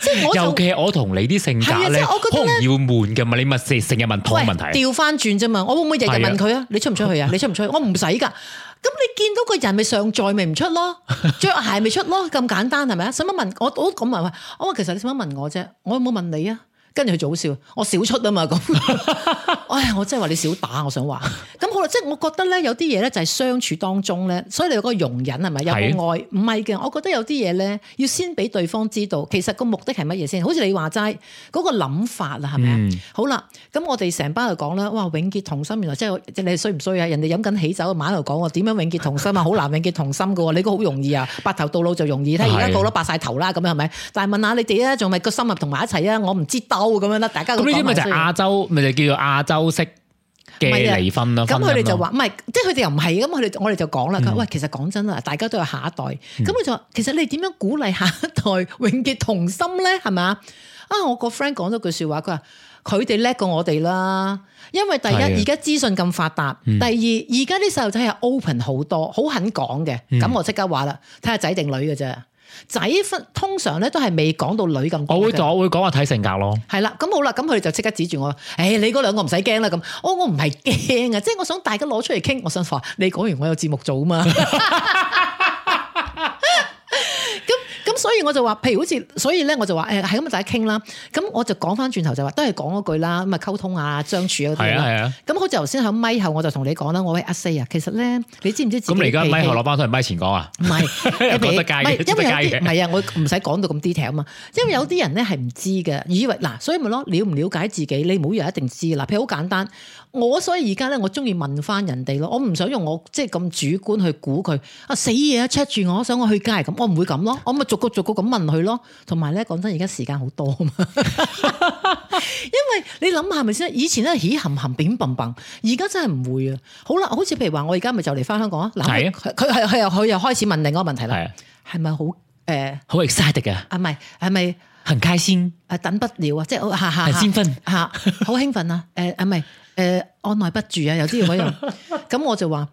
即係我尤其我同你啲性格咧，好容易悶嘅嘛，你咪成成日問同個問題。調翻轉啫嘛，我會唔會日日問佢啊？你出唔出去啊？你出唔出去？我唔使㗎。咁你見到個人咪上載咪唔出咯，著鞋咪出咯，咁簡單係咪啊？使乜問我，我都咁問，我話其實你使乜問我啫，我有冇問你啊？跟住佢就好笑，我少出啊嘛咁， (laughs) 哎呀，我真係話你少打，我想話，咁好啦，即係我覺得咧，有啲嘢咧就係相處當中咧，所以你個容忍係咪？有愛唔係嘅，我覺得有啲嘢咧，要先俾對方知道，其實個目的係乜嘢先？那個是是嗯、好似你話齋嗰個諗法啊，係咪啊？好啦，咁我哋成班就講啦，哇，永結同心原來即係即係你衰唔衰啊？人哋飲緊喜酒，馬度講我點樣永結同心啊？好 (laughs) 難永結同心噶，你嗰好容易啊？白頭到老就容易，睇而家到咗白晒頭啦，咁樣係咪？ (laughs) 但係問，問下你哋啊，仲咪個心合同埋一齊啊？我唔知道。咁樣啦，大家咁呢啲咪就係亞洲，咪就叫做亞洲式嘅離婚啦。咁佢哋就話唔係，即係佢哋又唔係咁，我哋我哋就講啦。佢話喂，其實講真啦，大家都有下一代。咁佢、嗯、就話，其實你點樣鼓勵下一代永結同心咧？係咪？啊！我個 friend 講咗句説話，佢話佢哋叻過我哋啦，因為第一而家資訊咁發達，第二而家啲細路仔係 open 好多，好肯講嘅。咁我即刻話啦，睇下仔定女嘅啫。仔通常咧都係未講到女咁，我會我會講話睇性格咯。係啦，咁好啦，咁佢哋就即刻指住我，誒、hey, 你嗰兩個唔使驚啦，咁，oh, 我我唔係驚啊，即係我想大家攞出嚟傾，我想話你講完我有節目做啊嘛。 (laughs) (laughs) 所以我就話，譬如好似，所以咧我就話，誒，係咁大家傾啦。咁我就講翻轉頭就話，都係講嗰句啦，咁啊溝通啊相處啊。啲啦、啊。咁好似頭先響咪後，我就同你講啦。我話阿四啊，其實咧，你知唔知自己皮皮？咁你而家咪後落班都係咪前講啊？唔係是，唔 (laughs) 得介意，唔是 (laughs) 得係啊 (laughs) 我唔使講到咁 detail 啊嘛。因為有啲人咧係唔知嘅，以為嗱，所以咪咯了唔了解自己，你冇人一定知。嗱，譬如好簡單。我所以而家咧，我中意問翻人哋咯，我唔想用我即係咁主觀去估佢啊，死嘢 check 住我，想我去街咁，我唔會咁咯，我咪逐個逐個咁問佢咯。同埋咧，講真，而家時間好多啊嘛，因為你諗下咪先，以前咧起冚冚扁笨笨，而家真係唔會啊。好啦，好似譬如話，我而家咪就嚟翻香港嗱啊，係啊，佢係佢又佢又開始問另一個問題啦，係咪好誒好 excited 嘅？係咪係咪？行街先？啊！係咪等不了啊！即係下下先分。吓，好、嗯、興奮啊！誒啊咪～誒，按捺、呃、不住啊，有啲嘢可以、啊。咁 (laughs) 我就話，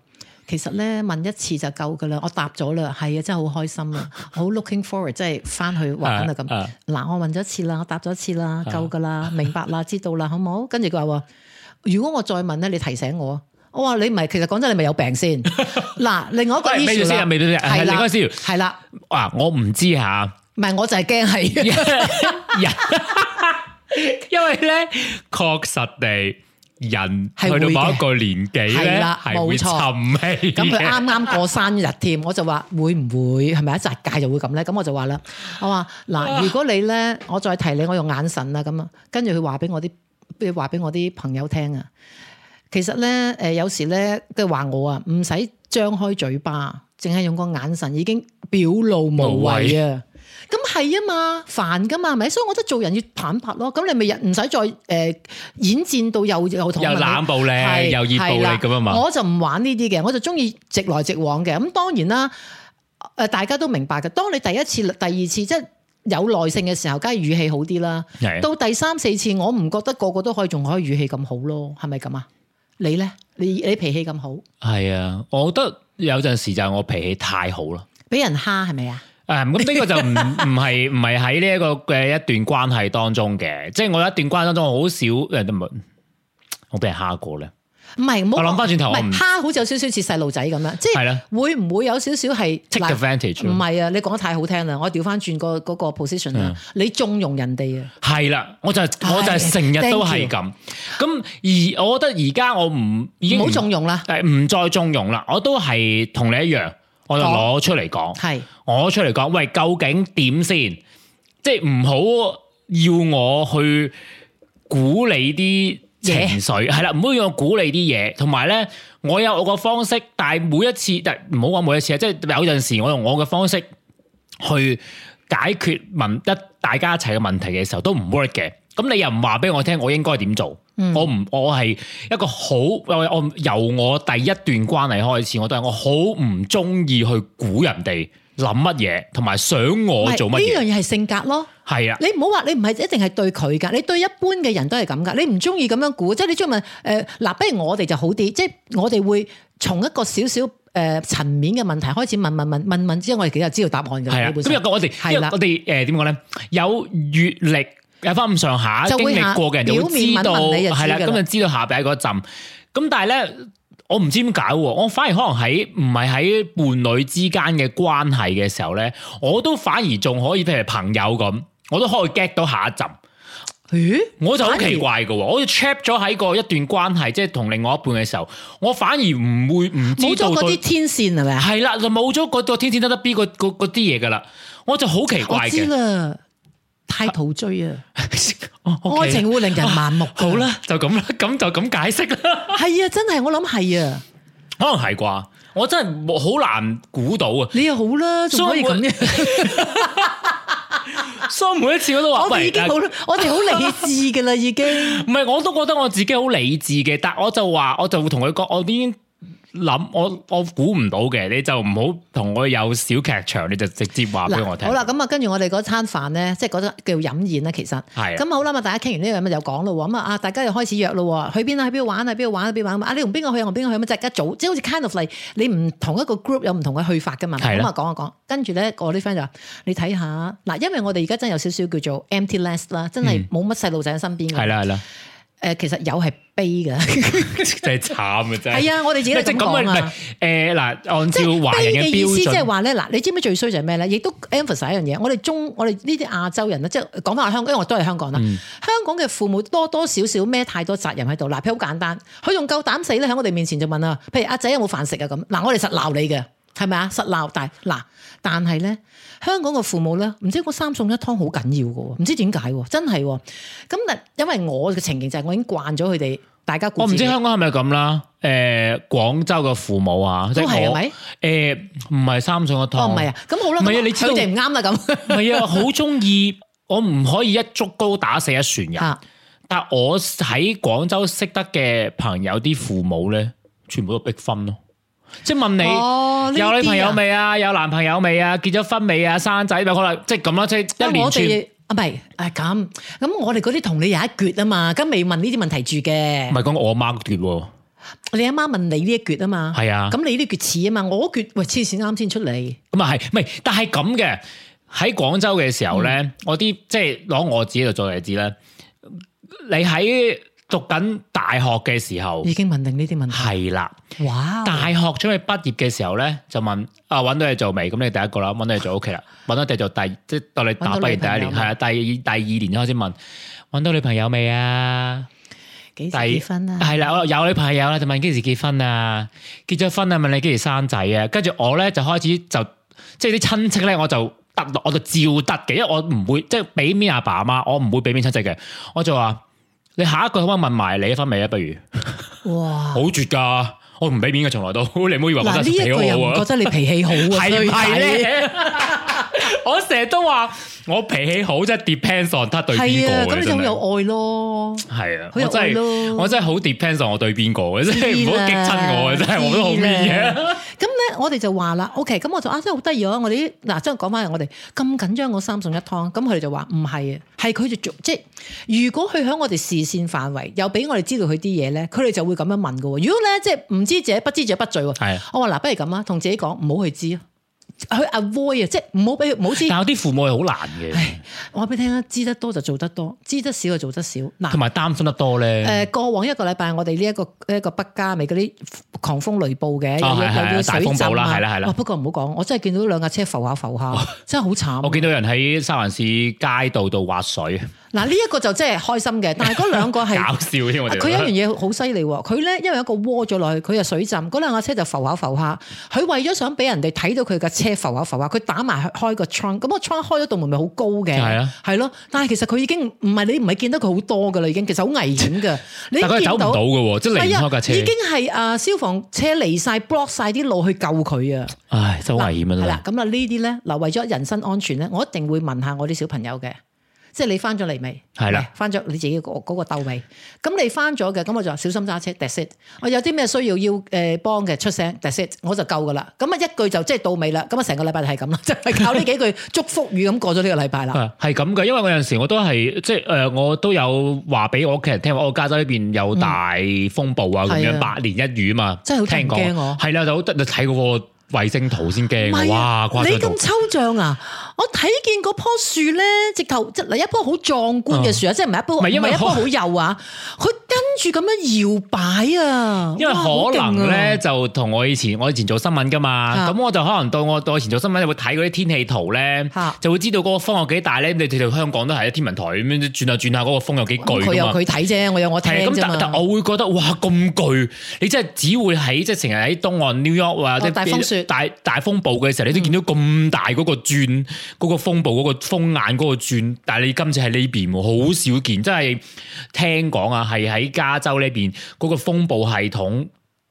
其實咧問一次就夠噶啦，我答咗啦，係啊，真係好開心啊，好 (laughs) looking forward，即係翻去玩啊咁。嗱，我問咗一次啦，我答咗一次啦，夠噶啦，啊、明白啦，知道啦，好唔好？跟住佢話，如果我再問咧，你提醒我。我話你唔係，其實講真，你咪有病先。嗱， (laughs) 另外一個醫生未到先，係啦喂，係啦。嗱，我唔知吓，唔係，我就係驚係因為咧確實地。人係去會到某一個年紀咧，係冇錯，咁佢啱啱過生日添， (laughs) 我就話會唔會係咪一窒界就會咁咧？咁我就話啦，我話嗱，如果你咧，我再提你，我用眼神啦咁啊，跟住佢話俾我啲，話俾我啲朋友聽啊。其實咧，誒，有時咧，佢話我啊，唔使張開嘴巴，淨係用個眼神已經表露無遺啊。咁係啊嘛，煩噶嘛，係咪？所以我覺得做人要坦白咯。咁你咪唔使再誒、呃、演戰到又又同又冷暴力，又熱暴力咁啊嘛。我就唔玩呢啲嘅，我就中意直來直往嘅。咁當然啦，誒，大家都明白嘅。當你第一次、第二次即係有耐性嘅時候，梗係語氣好啲啦。的到第三四次，我唔覺得個個都可以仲可以語氣咁好咯，係咪咁啊？你咧，你你脾氣咁好？係啊，我覺得有陣時就係我脾氣太好啦，俾人蝦，係咪啊？誒，咁呢個就唔唔係唔係喺呢一個嘅一段關係當中嘅，即係我一段關係當中，我好少人都冇，我俾人蝦過咧。唔係，我諗翻轉頭，蝦好似有少少似細路仔咁樣，即係會唔會有少少係 take advantage？唔係啊，你講得太好聽啦，我調翻轉個嗰個 position 啦，你縱容人哋啊？係啦，我就係我就係成日都係咁，咁而我覺得而家我唔已經冇縱容啦，唔再縱容啦，我都係同你一樣。我就攞出嚟講，攞、哦、係、出嚟講，喂，究竟點先？即係唔好要我去估你啲情緒，係啦咩？唔好用估你啲嘢。同埋咧，我有我個方式，但係每一次，就唔好話每一次啊，即係有陣時我用我嘅方式去解決問一大家一齊嘅問題嘅時候，都唔 work 嘅。咁你又唔話俾我聽，我應該點做？我唔，我係一個好，我由我第一段關係開始，我都係我好唔中意去估人哋諗乜嘢，同埋想我做乜嘢，呢樣嘢係性格咯，係啊，你唔好話你唔係一定係對佢噶，你對一般嘅人都係咁噶，你唔中意咁樣估，即係你中意問誒，嗱、呃，不如我哋就好啲，即係我哋會從一個少少誒層面嘅問題開始問問問問問，之後我哋幾就知道答案嘅。係啊的，咁的因為我哋，因為我哋誒點講咧，有閱歷。有翻咁上下經歷，經歷過嘅人就會知道，係啦，咁就知道，知道下邊嗰陣。咁但係咧，我唔知點解喎。我反而可能喺唔係喺伴侶之間嘅關係嘅時候咧，我都反而仲可以譬如朋友咁，我都可以 get 到下一陣。誒我就好奇怪嘅，反而 我 check 咗喺個一段關係，即係同另外一半嘅時候，我反而唔會唔冇咗嗰啲天線係咪啊？係啦，就冇咗嗰個天線得得 B 個嗰啲嘢噶啦，我就好奇怪嘅。太陶醉啊！Okay, 愛情會令人盲目到。好啦、啊，就咁啦，咁就咁解釋啦。係 (laughs) 啊，真係我諗係啊，可能係啩？我真係好難估到啊！你又好啦，仲可以咁嘅！所以每一次都 (laughs) 我都話，我已經好， (laughs) 我哋好理智㗎啦，已經。唔係，我都覺得我自己好理智嘅，但我就話，我就會同佢講，我已經。諗我我估唔到嘅，你就唔好同我有小劇場，你就直接話俾我聽。好啦，咁啊跟住我哋嗰餐飯咧，即係嗰陣叫飲宴咧，其實。係的。咁、嗯、好啦，嘛大家傾完呢樣，咪就講咯，咁啊啊大家又開始約咯喎，去邊啊？去邊度玩啊？邊度玩啊？邊玩啊？你同邊個去啊？同邊個去咁啊？即係一組，即係好似 kind of 嚟、like，你唔同一個 group 有唔同嘅去法嘅問題。咁啊講一講，跟住咧我啲 friend 就話：你睇下嗱，因為我哋而家真係有少少叫做 empty nest 啦，真係冇乜細路仔喺身邊嘅。係啦係啦。誒，其實有係悲嘅，就係慘嘅真係。係啊，我哋自己都咁講啊。誒嗱，按照華人嘅標準，即係話咧，嗱，你知唔知最衰就係咩咧？亦都 emphasize 一樣嘢，我哋中我哋呢啲亞洲人咧，即係講翻香港，因為我都喺香港啦。香港嘅父母多多少少孭太多責任喺度。嗱，譬如好簡單，佢用夠膽死咧喺我哋面前就問啊，譬如阿仔有冇飯食啊咁。嗱，我哋實鬧你嘅。係咪啊？實鬧，大，嗱，但係咧，香港嘅父母咧，唔知嗰三餸一湯好緊要嘅喎，唔知點解喎，真係、哦。今日因為我嘅情形就係我已經慣咗佢哋，大家。我唔知香港係咪咁啦，誒、呃，廣州嘅父母啊，都係咪？誒，唔係、呃、三餸一湯。哦，唔係啊，咁好啦。唔係啊，你知道你唔啱 (laughs) 啊。咁。唔係啊，好鍾意我唔可以一竹篙打死一船人，啊、但我喺廣州識得嘅朋友啲父母咧，全部都逼婚咯。即係問你、哦、有女朋友未啊？有男朋友未啊？結咗婚未啊？生仔咪可能即係咁咯，即係一年。我哋啊唔係誒咁，咁我哋嗰啲同你有一橛啊嘛，咁未問呢啲問題住嘅。唔係講我媽橛喎，你阿媽問你呢一橛啊嘛。係啊，咁你呢橛似啊嘛，我橛喂黐線，啱先出嚟。咁啊係，唔係，但係咁嘅，喺廣州嘅時候咧，我啲即係攞我自己度做例子啦。你喺。讀緊大學嘅時候，已經問定呢啲問題係啦，哇的！Wow. 大學準備畢業嘅時候咧，就問啊，揾到嘢做未？咁你第一個啦，揾到嘢做 OK 啦，揾到嘢做第即係 (laughs) 到你大學畢業第一年，係啊， (laughs) 第二第二年開始問，揾到女朋友未啊？幾時結婚啊？係啦，我有女朋友啦，就問幾時結婚啊？結咗婚啊？問你幾時生仔啊？跟住我咧就開始就，就即係啲親戚咧，我就得我就照得嘅，因為我唔會即係俾面阿爸阿媽，我唔會俾面親戚嘅，我就話。你下一個可唔可以問埋你一分未啊？不如，哇，好 (laughs) 絕噶，我唔俾面噶，從來都你唔好以為唔得好、啊。嗱，呢一句又唔覺得你脾氣好啊？批批咧，我成日都話。我脾氣好即係 depends on 他對邊個嘅係啊，咁你就好有愛咯。係啊，好有愛咯，我真係好 depends on 我對邊個嘅，即係唔好激親我嘅，真係我都好咩嘢。a n 咁咧，我哋就話啦，OK，咁我就啊真係好得意啊！我哋嗱，即係講翻我哋咁緊張，我三餸一湯，咁佢哋就話唔係，係佢就即係如果佢喺我哋視線範圍，又俾我哋知道佢啲嘢咧，佢哋就會咁樣問嘅、啊。如果咧即係唔知者不知者不罪喎、啊，的我話嗱、啊，不如咁啊，同自己講唔好去知啊。佢 avoid 啊，即係唔好俾佢唔好知。但有啲父母係好難嘅。我話俾你聽啦，知得多就做得多，知得少就做得少。同埋擔心得多咧。誒、呃，過往一個禮拜我哋呢一個呢一個北加咪嗰啲狂風雷暴嘅，又要、哦、大風暴、水浸，係啦係啦。不過唔好講，我真係見到兩架車浮下浮下，哦、真係好慘。 (laughs) 我見到有人喺沙環市街道度滑水。嗱，呢一個就真係開心嘅，但係嗰兩個係 (laughs) 搞笑添。佢有樣嘢好犀利喎，佢咧、 (laughs) 啊、因為一個窩咗落去，佢又水浸，嗰兩架車就浮下浮下。佢為咗想俾人哋睇到佢嘅車浮下浮下，佢打埋開個窗、嗯，咁、嗰個窗開咗度門，咪好高嘅。係啊，係咯、啊。但係其實佢已經唔係你唔係見得佢好多噶啦、 (laughs) 啊，已經其實好危險嘅。你係走唔到嘅，即係離開架車。已經係啊，消防車嚟晒、block 晒啲路去救佢啊！唉，真係好危險啊！係啦，咁啊，呢啲咧嗱，為咗人身安全咧，我一定會問，問下我啲小朋友嘅。即係你翻咗嚟未？係啦，翻咗你自己嗰嗰個竇未？咁你翻咗嘅，咁我就話小心揸車，that's it。我有啲咩需要要誒幫嘅，出聲，that's it，我就夠噶啦。咁啊一句就即係到尾啦。咁啊成個禮拜係咁啦，就係靠呢幾句祝福語咁過咗呢個禮拜啦。係咁嘅，因為我有陣時我都係即係誒，我都有話俾我屋企人聽話，我加州呢邊有大風暴啊，咁樣百年一遇啊嘛。真係好驚，我係啦，就好得你睇個衛星圖先驚。哇！你咁抽象啊？我睇見嗰棵樹咧，直頭即係一棵好壯觀嘅樹啊，即係唔係一棵唔係一棵好幼啊？佢跟住咁樣搖擺啊！因為可能咧就同我以前我以前做新聞噶嘛，咁是的 我就可能到我我以前做新聞，你會睇嗰啲天氣圖咧，是的 就會知道嗰個風有幾大咧。你哋香港都係喺天文台咁樣轉下轉下嗰個風有幾巨？佢有佢睇啫，我有我睇啫。但但我會覺得哇咁巨！你真係只會喺即係成日喺東岸 New York 即係大風雪大大風暴嘅時候，你都見到咁大嗰個轉。嗯嗯。嗰個風暴、嗰、嗰個風眼、嗰個轉，但係你今次喺呢邊好少見，真係聽講啊，係喺加州呢邊嗰個風暴系統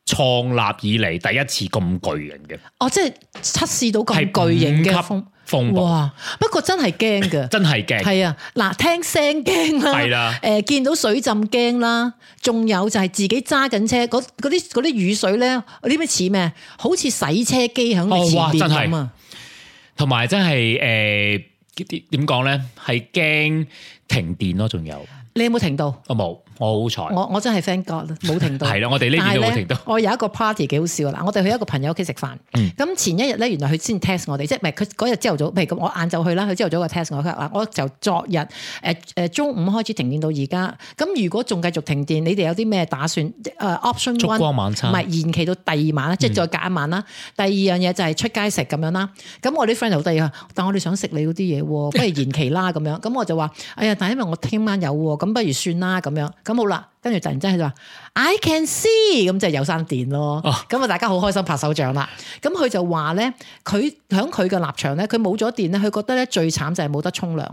創立以嚟，第一次咁巨型嘅。哦，即係測試到咁巨型嘅風風暴啊！不過真係驚噶，真係驚。係啊，嗱，聽聲驚啦，係啦，誒，見到水浸驚啦，仲有就係自己揸緊車，嗰啲啲雨水咧，啲咩似咩？好似洗車機響度。前、哦、真係啊！同埋真係誒，點講咧，係、呃、驚停電咯，仲有你有冇停到？我冇、哦。我好彩，我我真係 thank god 冇停到。係啦， (laughs) 我哋呢邊冇停到。我有一個 party 幾好笑啦，我哋去一個朋友屋企食飯。咁、嗯、前一日咧，原來佢先 test 我哋，即係唔係佢嗰日朝頭早，譬如咁我晏晝去啦。佢朝頭早個 test 我佢話，我就昨日誒誒中午開始停電到而家。咁如果仲繼續停電，你哋有啲咩打算？誒 option one 唔係延期到第二晚啦，即係再隔一晚啦。嗯、第二樣嘢就係出街食咁樣啦。咁我啲 friend 好得意啊，但我哋想食你嗰啲嘢喎，不如延期啦咁樣。咁 (laughs) 我就話：哎呀，但因為我聽晚有喎，咁不如算啦咁樣。咁好啦，跟住突然之間佢就話 I can see，咁即係有生電咯。咁啊、哦，大家好開心拍手掌啦。咁佢就話咧，佢喺佢嘅立場咧，佢冇咗電咧，佢覺得咧最慘就係冇得沖涼。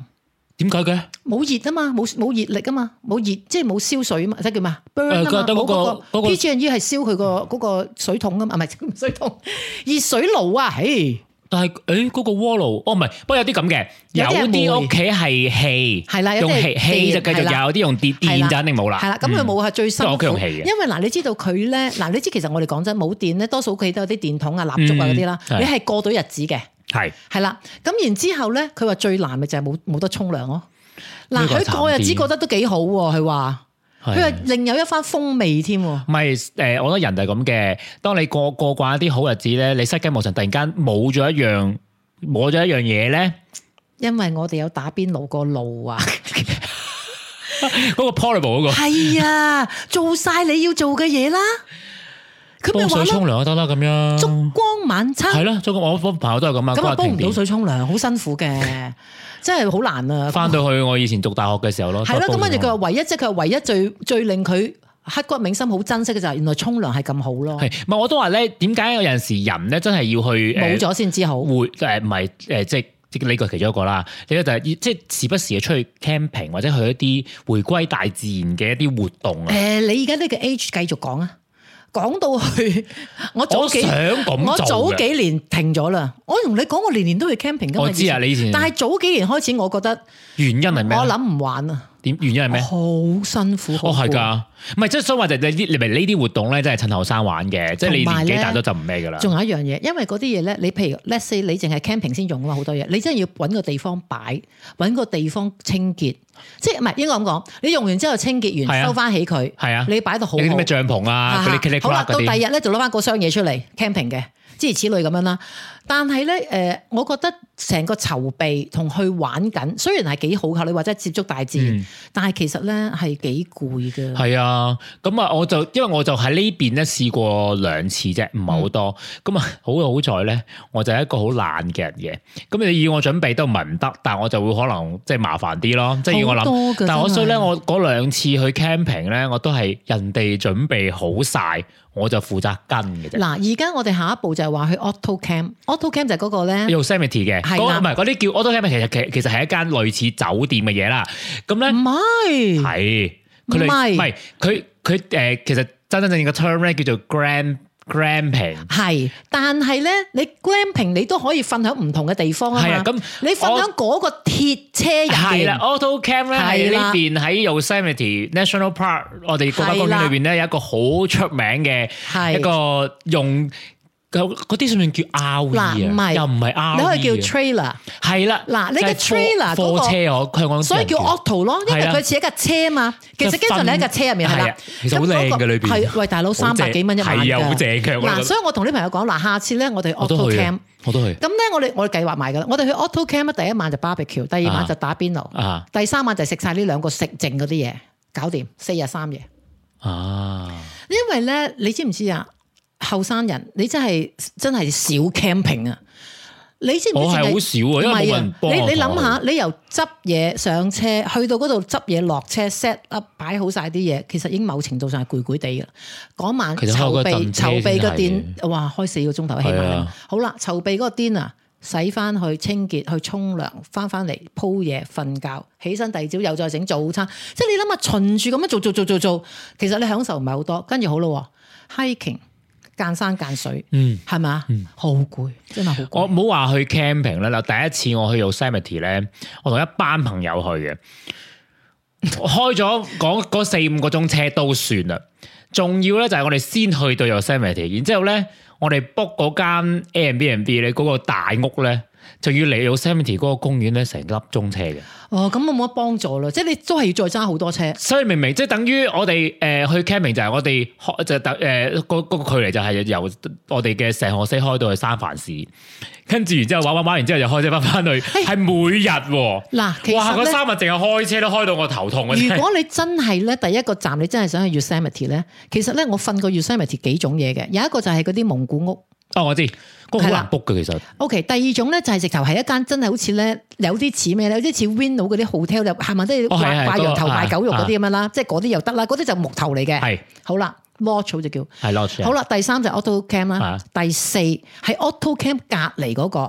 點解嘅？冇熱啊嘛，冇冇熱力啊嘛，冇熱即係冇燒水啊嘛，即係叫咩啊？嗰、哎那個嗰、那個嗰、那個 PG&E 係燒佢個嗰個水桶啊嘛，唔係、嗯、水桶 (laughs) 熱水爐啊，嘿！但係，誒嗰個鍋爐，哦唔係，不過有啲咁嘅，有啲屋企係氣，係啦，有啲用氣，氣就繼續有，啲用電電就肯定冇啦。係啦，咁佢冇係最辛苦，屋企用氣嘅，因為嗱，你知道佢咧，嗱，你知其實我哋講真，冇電咧，多數屋企都有啲電筒啊、蠟燭啊嗰啲啦，你係過到日子嘅，係係啦。咁然之後咧，佢話最難咪就係冇冇得沖涼咯。嗱，佢過日子過得都幾好喎，佢話。佢係另有一番風味添，唔係誒？我覺得人就係咁嘅。當你過過慣一啲好日子咧，你失驚無神，突然間冇咗一樣，冇咗一樣嘢咧。因為我哋有打邊爐個爐啊，嗰個 Portable 嗰個係啊，做晒你要做嘅嘢啦。煲水沖涼就得啦，咁樣。燭光晚餐係啦，燭光我我朋友都係咁啊，咁啊停電。煲唔到水沖涼好辛苦嘅。真係好難啊！翻到去我以前讀大學嘅時候咯，係咯，咁跟住佢話唯一即係佢唯一最最令佢刻骨銘心、好珍惜嘅就係原來沖涼係咁好咯。係 (laughs) (laughs) 唔係我都話咧，點解有陣時人咧真係要去冇咗先知好。即誒、呃，唔係誒，即係呢、這個其中一個啦。呢個就係、是、即係時不時出去 camping 或者去一啲回歸大自然嘅一啲活動。誒， (laughs) 你而家呢個 age 繼續講啊！ (laughs) 講到去，我早幾我，我早幾年停咗啦。我同你講，我年年都會 camping 噶嘛。我知啊，你以前。但係早幾年開始，我覺得原因係咩？我諗唔玩啦。點原因係咩？好辛苦，哦，好攰。我係㗎，唔係即係所以話就係呢啲，你咪呢啲活動咧，真係趁後生玩嘅，即係你年紀大咗就唔咩㗎啦。仲有一樣嘢，因為嗰啲嘢咧，你譬如 let’s say 你淨係 camping 先用㗎嘛，好多嘢，你真係要揾個地方擺，揾個地方清潔，即係唔係應該咁講？你用完之後清潔完，收翻起佢，你擺到好好。有啲咩帳篷啊？嗰啲 kalibar 好啦，到第二日咧，就攞翻嗰箱嘢出嚟 camping 嘅。諸如此類咁樣啦，但係咧，誒、呃，我覺得成個籌備同去玩緊，雖然係幾好嘅，你或者接觸大自然，嗯、但係其實咧係幾攰嘅。係啊，咁啊，我就因為我就喺呢邊咧試過兩次啫，唔係好多。咁啊、嗯，嗯、好在好在咧，我就係一個好懶嘅人嘅。咁你以我準備都唔係唔得，但係我就會可能即係麻煩啲咯。即係要我諗多，但係我所以咧，我嗰兩次去 camping 咧，我都係人哋準備好晒。我就負責跟嘅啫。嗱，而家我哋下一步就係話去 AutoCamp，AutoCamp 就係嗰個咧。Yosemite 嘅，嗰唔係嗰啲叫 AutoCamp，其實其其實係一間類似酒店嘅嘢啦。咁咧唔係，係佢唔係佢佢誒，其實真真正正嘅 term 咧叫做 Grand。Glamping 係，但係咧，你 Glamping 你都可以瞓喺唔同嘅地方啊嘛。係啊，咁、嗯、你瞓喺嗰個鐵車入、啊、邊啦、啊。係啦，Auto Camp 喺呢邊喺 Yosemite National Park，我哋國家公園裏邊咧有一個好出名嘅一個用。嗰啲上面叫 out 啊？又唔係 out，你可以叫 trailer。係啦，嗱，你嘅 trailer 嗰個貨車我香港，所以叫 auto 咯，因為佢似一架車嘛。其實基本上喺架車入面係啦，好靚嘅裏邊。喂大佬，三百幾蚊一晚嘅，所以我同啲朋友講嗱，下次咧我哋 auto camp，我都去。咁咧我哋我計劃埋㗎啦，我哋去 auto camp 第一晚就 barbecue，第二晚就打邊爐，第三晚就食晒呢兩個食剩嗰啲嘢，搞掂四日三夜。啊，因為咧你知唔知啊？後生人，你真係真係少 camping 啊！你知唔知？我係好少啊，因為冇人幫、啊、你你諗下，你由執嘢上車去到嗰度執嘢落車 set up 擺好晒啲嘢，其實已經某程度上係攰攰地啦。嗰晚籌備籌備個 dinner，是哇，開四個鐘頭起碼。啊、好啦，籌備嗰個 dinner 啊，洗翻去清潔，去沖涼，翻翻嚟鋪嘢瞓覺，起身第二朝又再整早餐。即係你諗下，循住咁樣做做做做做，其實你享受唔係好多。跟住好啦，hiking。間山間水，嗯，係咪啊？嗯，好攰，真係好攰。我唔好話去 camping 咧，嗱，第一次我去 Yosemite 咧，我同一班朋友去嘅，開咗講四五個鐘車都算啦，仲要咧就係我哋先去到 Yosemite，然之後咧我哋 book 嗰間 Airbnb 咧嗰個大屋咧。就要嚟到 Yosemite 嗰個公園咧，成粒鐘車嘅。哦，咁我冇乜幫助啦，即係你都係要再揸好多車。所以明明即係等於我哋誒去 camping 就係我哋開就搭誒嗰嗰個距離就係由我哋嘅石河西開到去三藩市，跟住然之後玩玩玩完之後又開車翻翻去。係每日嗱，哇！個三日淨係開車都開到我頭痛。如果你真係咧，第一個站你真係想去 Yosemite 咧，其實咧我瞓過 Yosemite 幾種嘢嘅，有一個就係嗰啲蒙古屋。哦，我知，嗰個好難 book 嘅其實。O、okay, K，第二種咧就係直頭係一間真係好似咧有啲似咩咧，有啲似 window 嗰啲 hotel 就係咪即要掛羊頭賣、啊、狗肉嗰啲咁樣啦，啊、即係嗰啲又得啦，嗰啲就木頭嚟嘅。係的，好啦，watch 就叫係 watch。Lodge, 的好啦，第三就 auto camp 啦的，第四係 auto camp 隔離嗰個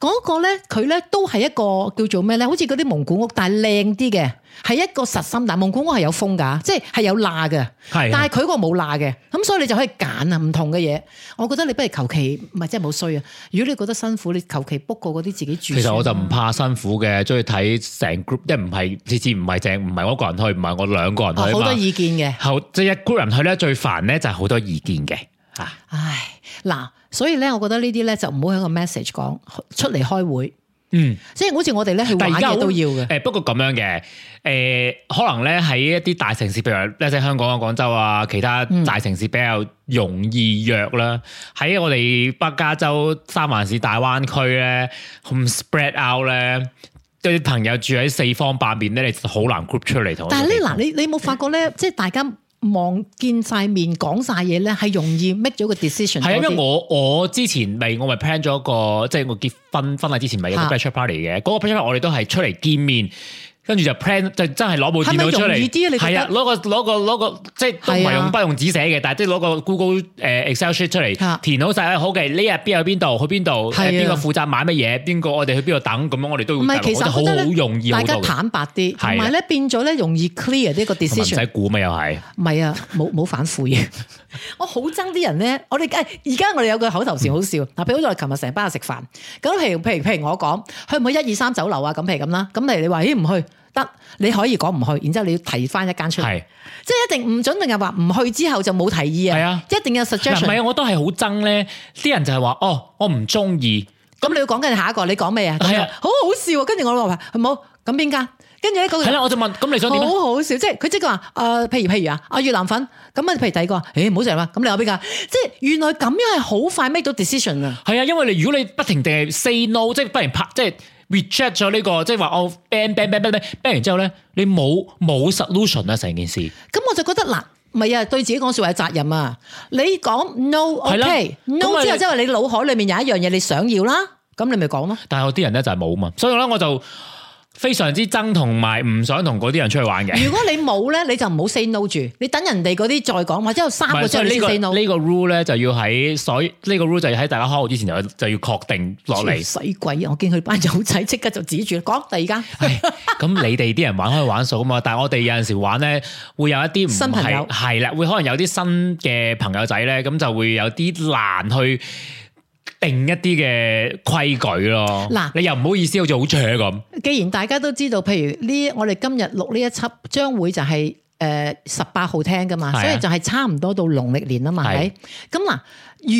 嗰、嗰個咧，佢咧都係一個叫做咩咧，好似嗰啲蒙古屋，但係靚啲嘅。係一個實心，但蒙古屋係有風噶，即係係有罅嘅。係是的，但係佢個冇罅嘅，咁所以你就可以揀啊，唔同嘅嘢。我覺得你不如求其，唔係即係冇衰啊。如果你覺得辛苦，你求其 book 個嗰啲自己住。其實我就唔怕辛苦嘅，中意睇成 group，即唔係，次次唔係正唔係我一個人去，唔係我兩個人去。啊、好多意見嘅，即係一 group 人去咧，最煩咧就係好多意見嘅吓。啊、唉，嗱，所以咧，我覺得呢啲咧就唔好喺個 message 講出嚟開會。嗯，即係好似我哋咧去玩家二都要嘅。誒、呃、不過咁樣嘅，誒、呃、可能咧喺一啲大城市，譬如咧喺香港啊、廣州啊，其他大城市比較容易約啦。喺、嗯、我哋北加州三藩市大灣區咧，咁 spread out 咧，對啲朋友住喺四方八面咧，好難 group 出嚟同。但係咧嗱，嗯、你你冇發覺咧，嗯、即係大家。望見晒面講晒嘢咧，係容易 make 咗個 decision。係啊，因為我我之前咪我咪 plan 咗個即係我結婚婚禮之前咪有個 birthday party 嘅，嗰個 birthday party 我哋都係出嚟見面。跟住就 plan，就真係攞部電腦出嚟。係咪容易啲啊？你覺得？係啊，攞個攞個攞個，即係都唔係用筆用紙寫嘅，但係即係攞個 Google 誒 Excel sheet 出嚟填好晒。好嘅的，呢日邊去邊度，去邊度，邊的、呃、個負責買乜嘢，邊個我哋去邊度等，咁樣我哋都唔係其實好容易大家坦白啲，同埋咧變咗咧容易 clear 呢個 decision。唔使估咩又係。唔係啊，冇冇反悔嘅。 (laughs) 我好憎啲人咧，我哋而家我哋有句口頭禪好笑，嗱，譬如好似我哋琴日成班去食飯，咁譬如譬如譬如我講去唔去一二三酒樓啊，咁譬如咁啦，咁譬如你話，咦唔去得，你可以講唔去，然之後你要提翻一間出嚟，是即係一定唔准定係話唔去之後就冇提議啊，即是一定要有實張。唔係、啊、我都係好憎咧，啲人就係話，哦，我唔中意，咁那你要講緊下一個，你講咩啊？係啊、嗯，好好笑，跟住我話，係冇，咁邊間？跟住咧，佢係啦，我就問：咁你想點咧？好好笑，即係佢即係話，誒，譬如譬如啊，阿越南粉，咁啊，譬如第二個，誒，唔好食啦，咁你話邊個？即係原來咁樣係好快 make 到 decision 啊！係啊，因為你如果你不停定係 say no，即係不停拍，即係 reject 咗呢個，即係話我 ban ban ban ban ban ban 完之後咧，你冇冇 solution 啊？成件事。咁我就覺得嗱，唔係啊，對自己講說話有責任啊！你講 no，係啦，no 之後即係話你腦海裏面有一樣嘢你想要啦，咁你咪講咯。但係有啲人咧就係冇啊嘛，所以咧我就。非常之憎同埋唔想同嗰啲人出去玩嘅。如果你冇咧，你就唔好 say no 住，你等人哋嗰啲再講或者有三個鐘頭 say no。呢、呢個 rule 咧就要喺所呢個 rule 就要喺、這個、大家開學之前就就要確定落嚟。死鬼啊！我見佢班友仔即刻就指住講，第二間。咁你哋啲人玩開玩熟啊嘛， (laughs) 但係我哋有陣時玩咧會有一啲唔係，新朋友。係啦，會可能有啲新嘅朋友仔咧，咁就會有啲難去。定一啲嘅規矩咯，嗱喏，你又唔好意思，好似好蠢咁。既然大家都知道，譬如呢，我哋今日錄呢一輯將會就係誒十八號聽噶嘛，是啊、所以就係差唔多到農曆年啊嘛，係。咁嗱，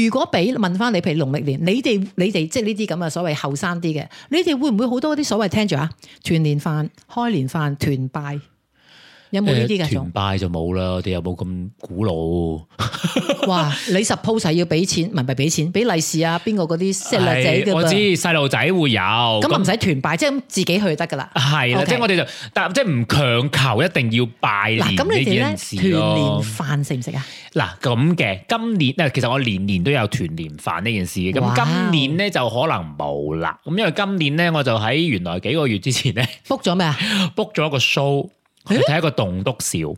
如果俾問翻你，譬如農曆年，你哋你哋即係呢啲咁嘅所謂後生啲嘅，你哋會唔會好多啲所謂聽住啊？團年飯、開年飯、團拜。有冇呢啲嘅仲？團拜就冇啦，我哋有冇咁古老、啊。 (laughs) 哇！你 suppose 係要俾錢，唔係唔俾錢，俾利是啊？邊個嗰啲細路仔？我知細路仔會有。咁啊，唔使團拜，即係咁自己去就得噶啦。係啦的，Okay. 即係我哋就，但即係唔強求一定要拜喇。嗱，咁你哋咧團年飯食唔食啊？嗱、啊，咁嘅今年啊，其實我年年都有團年飯呢件事嘅，咁哇今年咧就可能冇啦。咁因為今年咧，我就喺原來幾個月之前咧 book 咗咩啊？book 咗一個 show。佢睇一個棟篤笑，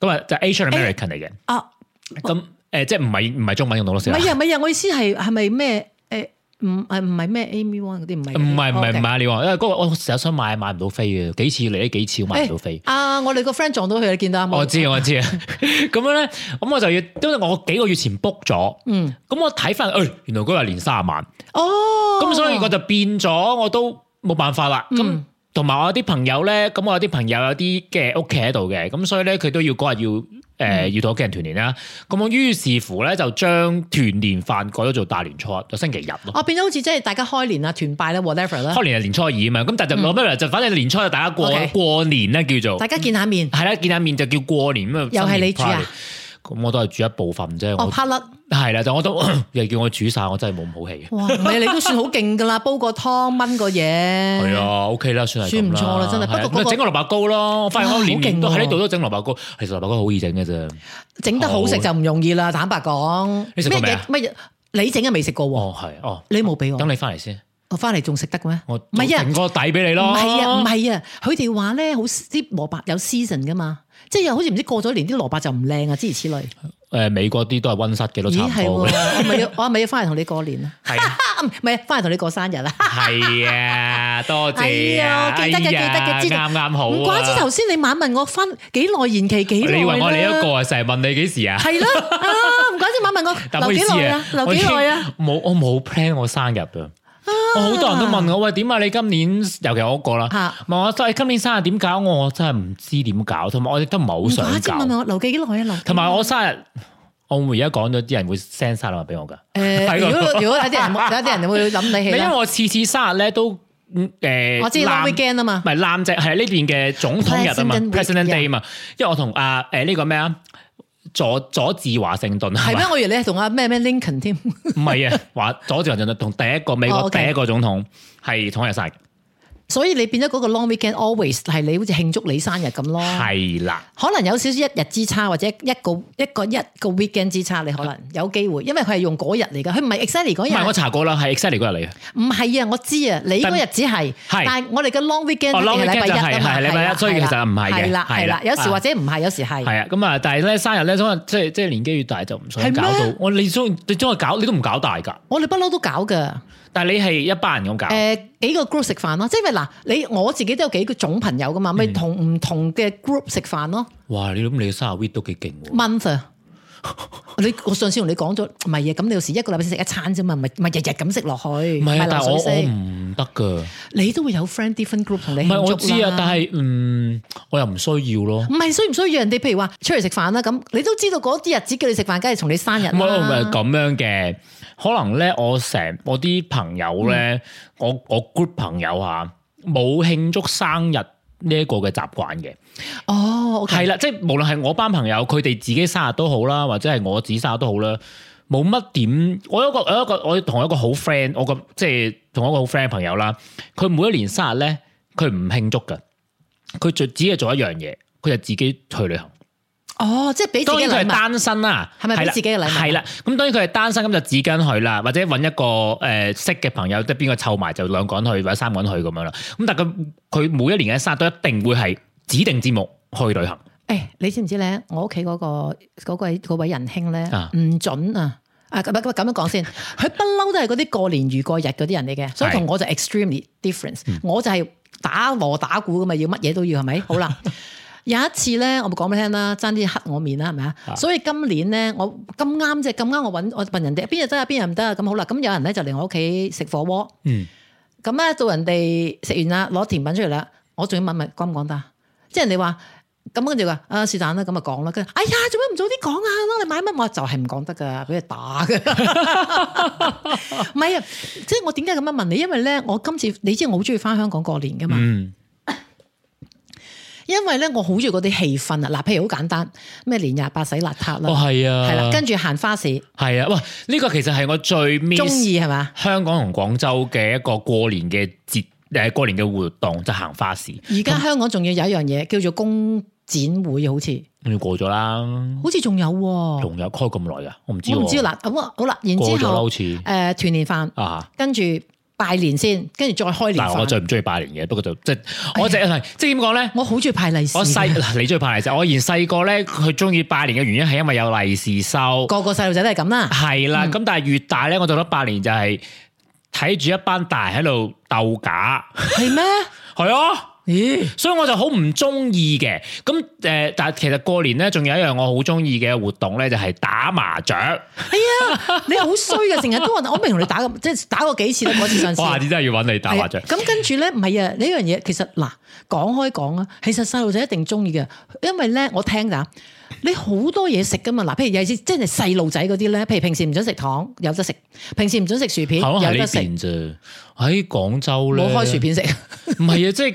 咁啊就 Asian American 嚟嘅。啊，咁誒，即係唔係唔係中文用棟篤笑。唔係啊唔係啊，我意思係係咪咩？誒，唔誒唔係咩？AM One 嗰啲唔係唔係唔係唔係啊！你話，因為嗰日我成日想買，買唔到飛嘅，幾次嚟都幾次買唔到飛。啊，我哋個 friend 撞到佢，你見到啊？我知我知啊。咁樣咧，咁我就要，因為我幾個月前 book 咗，嗯，咁我睇翻，誒，原來嗰日年卅晚。哦。咁所以我就變咗，我都冇辦法啦。咁。同埋我啲朋友咧，咁我有啲朋友有啲嘅屋企喺度嘅，咁所以咧佢都要嗰日要誒、呃、要同屋企人團年啦。咁我、嗯、於是乎咧就將團年飯改咗做大年初一就星期日咯。我變咗好似即係大家開年啊，團拜啦 whatever 啦。開年係年初二啊嘛，咁但係就 whatever 就反正年初就大家過 Okay. 過年啦叫做。大家見下面。係啦、嗯，見下面就叫過年，年啊。又係你煮啊？咁我都係煮一部分啫，我怕甩係啦，但我都又叫我煮晒，我真係冇咁好氣。哇，你你都算好勁噶啦，煲個湯、燜個嘢。係啊，OK 啦，算係算唔錯啦，真係。不過整個蘿蔔糕咯，我發現都喺呢度都整蘿蔔糕，其實蘿蔔糕好易整嘅啫，整得好食就唔容易啦。坦白講，咩嘢咩嘢你整嘅未食過？哦，係哦，你冇俾我，等你翻嚟先。我翻嚟仲食得咩？我唔係啊，定個底俾你咯。唔係啊，唔係啊，佢哋話咧好啲蘿蔔有 season 噶嘛。即係好似唔知過咗年啲蘿蔔就唔靚啊，諸如此類。誒，美國啲都係溫室嘅咯，差唔多。咪要我咪要翻嚟同你過年啊？係咪翻嚟同你過生日啊？係啊，多謝啊，記得嘅記得嘅，啱啱好。唔怪之頭先你猛問我翻幾耐延期幾耐啊？你以為我你一個啊，成日問你幾時啊？係咯，唔怪之猛問我留幾耐啊？留幾耐啊？冇，我冇 plan 我生日啊。我好多人都問我，喂，點啊？你今年尤其我一個啦，問我今年生日點搞，我我真係唔知點搞，同埋我亦都唔係好想搞。問我留幾耐啊，留。同埋我生日，我會而家講咗啲人會 send 生日禮物俾我㗎。誒，如果如果有啲人有啲人會諗你起因為我次次生日咧都誒，我知我好驚啊嘛，唔係冧只係呢邊嘅總統日啊嘛，President Day 嘛，因為我同阿誒呢個咩啊。佐佐治華盛頓係咩？嗎說 我以為你係同阿咩咩 Lincoln 添，唔係啊，話 (laughs) 佐治華盛頓同第一個美國第一個總統係統一晒。Oh, okay. 所以你變咗嗰個 long weekend always 係你好似慶祝你生日咁咯，係啦，可能有少少一日之差，或者一個一個一個 weekend 之差，你可能有機會，因為佢係用嗰日嚟噶，佢唔係 exactly 嗰日。唔係，我查過啦，係 exactly 嗰日嚟嘅。唔係啊，我知啊，你嗰日只係，但係我哋嘅 long weekend，long weekend 係禮拜一，所以其實唔係嘅，係啦係啦，有時或者唔係，有時係。係啊，咁啊，但係咧生日咧，所即係即係年紀越大就唔想搞到我你中你將我搞你都唔搞大㗎。我哋不嬲都搞㗎。但係你係一班人咁搞？誒、呃、幾個 group 食飯咯、啊，即係嗱、啊，你我自己都有幾個種朋友噶嘛，咪、嗯、同唔同嘅 group 食飯咯、啊。哇！你諗你嘅生日 week 都幾勁喎。Month (laughs) 你我上次同你講咗，唔係啊，咁你有時一個禮拜先食一餐啫嘛，咪咪日日咁食落去。唔係啊，是但係我唔得噶。你都會有 friend different group 同你慶祝之嘛？我知啊，但係嗯，我又唔需要咯。唔係需唔需要人哋？譬如話出嚟食飯啦，咁你都知道嗰啲日子叫你食飯，梗係同你生日啦。唔係咁樣嘅。可能咧，我成我啲朋友咧、嗯，我我 good 朋友吓，冇慶祝生日呢一個嘅習慣嘅。哦，係啦，即係無論係我班朋友佢哋自己生日都好啦，或者係我自己生日都好啦，冇乜點。我有一個有一個我同一,一個好 friend，我個即係同一個好 friend 朋友啦。佢每一年生日咧，佢唔慶祝㗎，佢就只係做一樣嘢，佢就自己去旅行。哦，即係俾自己當然佢係單身啦，啊，係咪俾自己嘅禮物，啊？係啦，咁當然佢係單身，咁就自己去啦，或者揾一個誒識嘅朋友，即係邊個湊埋就兩個人去或者三個人去咁樣啦。咁但係佢佢每一年嘅生日都一定會係指定節目去旅行。誒、哎，你知唔知咧？我屋企嗰個、那個那個位仁兄咧，唔、啊、准啊！啊，唔唔咁樣講先，佢不嬲都係嗰啲過年如過日嗰啲人嚟嘅，所以同我，的我就 extremely different。我就係打鑼打鼓咁啊，要乜嘢都要係咪？好啦。有一次咧，我咪講俾你聽啦，爭啲黑我面啦，係咪啊？所以今年咧，我咁啱啫，咁啱我揾我問人哋邊日得啊，邊日唔得啊？咁好啦，咁有人咧就嚟我屋企食火鍋。嗯。咁咧到人哋食完啦，攞甜品出嚟啦，我仲要問問，講唔講得？即係人哋話咁跟住話，啊是但啦，咁咪講啦。跟住，哎呀，做咩唔早啲講啊？你買乜？我就係唔講得噶，俾佢打噶。唔係啊，即係我點解咁樣問你？因為咧，我今次你知我好中意翻香港過年噶嘛。嗯。因為咧，我好中意嗰啲氣氛啊！嗱，譬如好簡單咩，年廿八洗邋遢啦，係啦、哦，跟住行花市，係啊！哇，呢個其實係我最中意係嘛？香港同廣州嘅一個過年嘅節誒，過年嘅活動就行花市。而家香港仲要有一樣嘢、嗯、叫做工展會好，好似要過咗啦。好似仲有，仲有開咁耐啊！我唔知我唔知嗱，好啦，然之後誒，團年飯啊，跟住。拜年先，跟住再開年。嗱，我最唔中意拜年嘅，不過就即係我即係即係點講咧？我好中意派利是。 (laughs) 我細你中意派利是，我以前細個咧，佢中意拜年嘅原因係因為有利是收。個個細路仔都係咁啦。係啦的，咁、嗯、但係越大咧，我覺得拜年就係睇住一班大人喺度鬥假。係咩嗎？係 (laughs) 啊。咦，欸、所以我就好唔中意嘅，咁誒，但係其實過年咧，仲有一樣我好中意嘅活動咧，就係、是、打麻雀。係啊、 (laughs) 哎，你好衰嘅，成日都話我未同你打咁，即係打過幾次咧？嗰次上次。下次真係要揾你打麻雀。咁跟住咧，唔係啊？呢樣嘢其實嗱，講開講啊，其實細路仔一定中意嘅，因為咧我聽噶，你好多嘢食噶嘛。嗱，譬如有陣時即係細路仔嗰啲咧，譬如平時唔准食糖，有得食；平時唔准食薯片，有得食啫。喺廣州咧，我開薯片食。唔係啊，即係。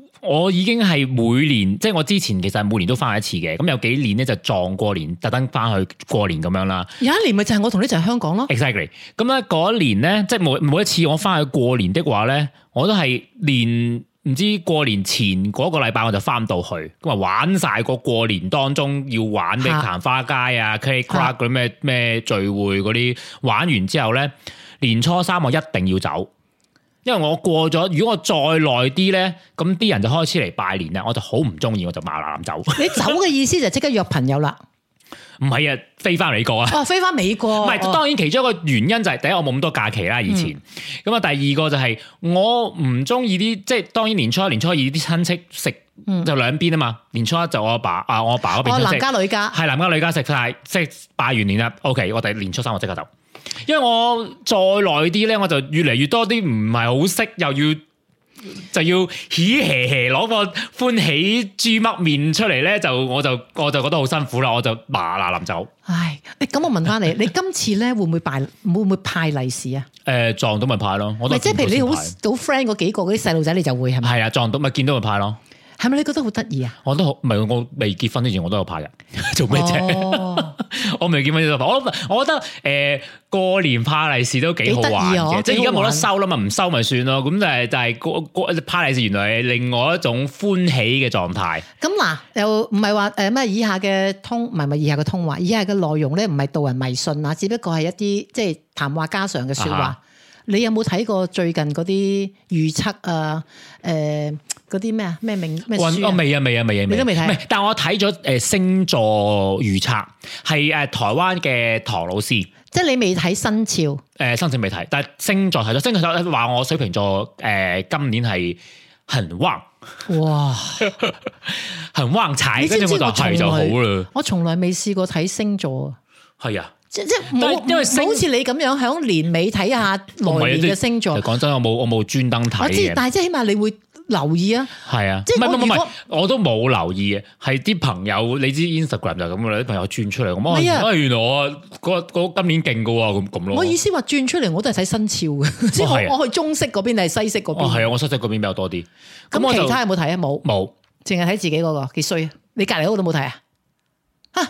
我已經係每年，即係我之前其實每年都翻去一次嘅，咁有幾年咧就撞過年，特登翻去過年咁樣啦。有一年咪就係我同你就喺香港咯。Exactly。咁咧嗰一年咧，即係每每一次我翻去過年的話咧，我都係年唔知過年前嗰個禮拜我就翻到去，咁啊玩晒個過年當中要玩咩行花街啊，K Club 嗰啲咩咩聚會嗰啲，玩完之後咧年初三我一定要走。因為我過咗，如果我再耐啲咧，咁啲人就開始嚟拜年啦，我就好唔鍾意，我就嗱嗱走。你走嘅意思就即刻約朋友啦？唔係 (laughs) 啊，飛返美國啊！哦，飛返美國。唔係不，哦、當然其中一個原因就係、是、第一我冇咁多假期啦，以前。咁啊、嗯，第二個就係、是、我唔鍾意啲，即係當然年初一、年初二啲親戚食、嗯、就兩邊啊嘛。年初一就我阿爸啊，我阿爸嗰邊、哦。哦，男家女家。係男家女家食晒，即係拜完年啦。OK，我第年初三我即刻走。因為我再耐啲咧，我就越嚟越多啲唔係好識，又要就要嘻嘻嘻攞個歡喜豬乜面出嚟咧，就我就我就覺得好辛苦啦，我就麻嗱淋走。唉，咁、欸、我問翻你， (laughs) 你今次咧會唔會拜會唔會派利是啊？誒、呃，撞到咪派咯，唔係即係譬如你好好 friend 嗰幾個嗰啲細路仔，你就會，係咪？係啊，撞到咪見到咪派咯。係咪你覺得好得意啊？我都好，唔係我未結婚之前我都有派嘅，做咩啫？Oh. 我未見翻呢個，我我覺得誒、呃，過年派利是都幾好玩嘅，即係而家冇得收啦嘛，唔收咪算咯。咁但係但係過派利是，原來係另外一種歡喜嘅狀態。咁嗱、嗯啊，又唔係話誒咩？以下嘅通唔係唔係以下嘅通話，以下嘅內容咧，唔係導人迷信啊，只不過係一啲即係談話家常嘅說話。啊、哈你有冇睇過最近嗰啲預測啊？誒、呃。嗰啲咩啊？咩名？咩運？我未啊，未啊，未啊，未都未睇。唔係，但我睇咗誒星座預測，係誒台灣嘅唐老師，即係你未睇生肖。誒，生肖未睇，但係星座睇咗。星座話我水瓶座誒，今年係很旺。哇！很旺踩，跟住我就係就好啦。我從來未試過睇星座啊。係啊，即即冇，因為好似你咁樣喺年尾睇下來年嘅星座。講真，我冇我冇專登睇嘅。我知。但係即係起碼你會。留意啊，係啊，即係我都冇留意嘅，係啲朋友，你知 Instagram 就咁噶啦，啲朋友轉出嚟咁，哦，原來我個個今年勁噶喎，咁咁咯。我意思話轉出嚟我都係睇新潮嘅，即係我去中式嗰邊定係西式嗰邊？係啊，我西式嗰邊比較多啲。咁我其他有冇睇啊？冇，冇，淨係睇自己嗰個幾衰啊！你隔籬屋都冇睇啊？吓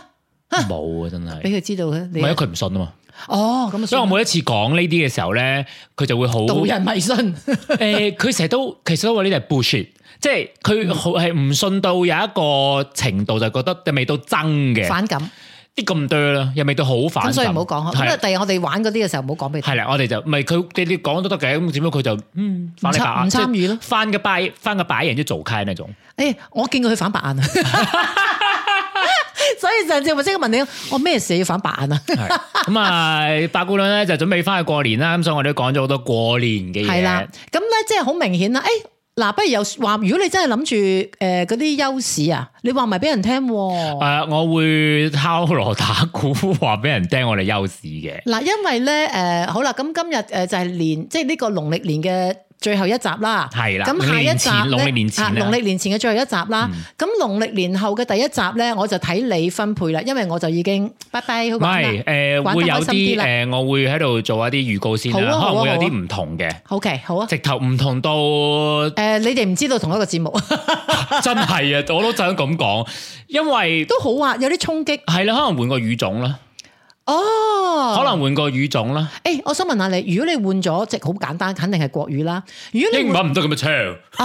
吓，冇啊！真係俾佢知道咧，唔係啊，佢唔信啊嘛。哦，咁所以我每一次講呢啲嘅時候咧，佢就會好導人迷信，誒、 (laughs) 呃，佢成日都其實都話呢啲係 bullshit，即係佢係唔信到有一個程度就覺得未到真嘅，反感啲咁對啦，又未到好反。咁所以唔好講，咁第日我哋玩嗰啲嘅時候唔好講俾。係啦，我哋就唔係佢你哋講都得嘅，咁只不過佢就嗯反你白眼唔參與咯，翻個拜翻個拜人要做 key 呢種。誒、欸，我見過佢反白眼。 (laughs) (laughs) 所以上次我即刻問你，我、哦、咩事要反白眼啊？咁 (laughs) 啊，八姑娘咧就準備翻去過年啦。咁所以我哋都講咗好多過年嘅嘢。係啦，咁咧即係好明顯啦。誒，嗱，不如又話，如果你真係諗住誒嗰啲休市啊，你話埋俾人聽。誒，我會敲鑼打鼓話俾人聽我哋休市嘅。嗱、呃，因為咧誒、呃、好啦，咁今日誒就係、就是、年，即係呢個農曆年嘅。最後一集啦，係啦，咁下一集咧，農曆年前嘅最後一集啦，咁農曆年後嘅第一集咧，我就睇你分配啦，因為我就已經，拜拜，好，唔係，誒，會有啲，誒，我會喺度做一啲預告先啦，可能會有啲唔同嘅，好嘅，好啊，直頭唔同到，誒，你哋唔知道同一個節目，真係啊，我都想咁講，因為都好啊，有啲衝擊，係啦，可能換個語種啦。哦，oh, 可能換個語種啦。誒、欸，我想問下你，如果你換咗即係好簡單，肯定係國語啦。如果你英文唔得咁樣唱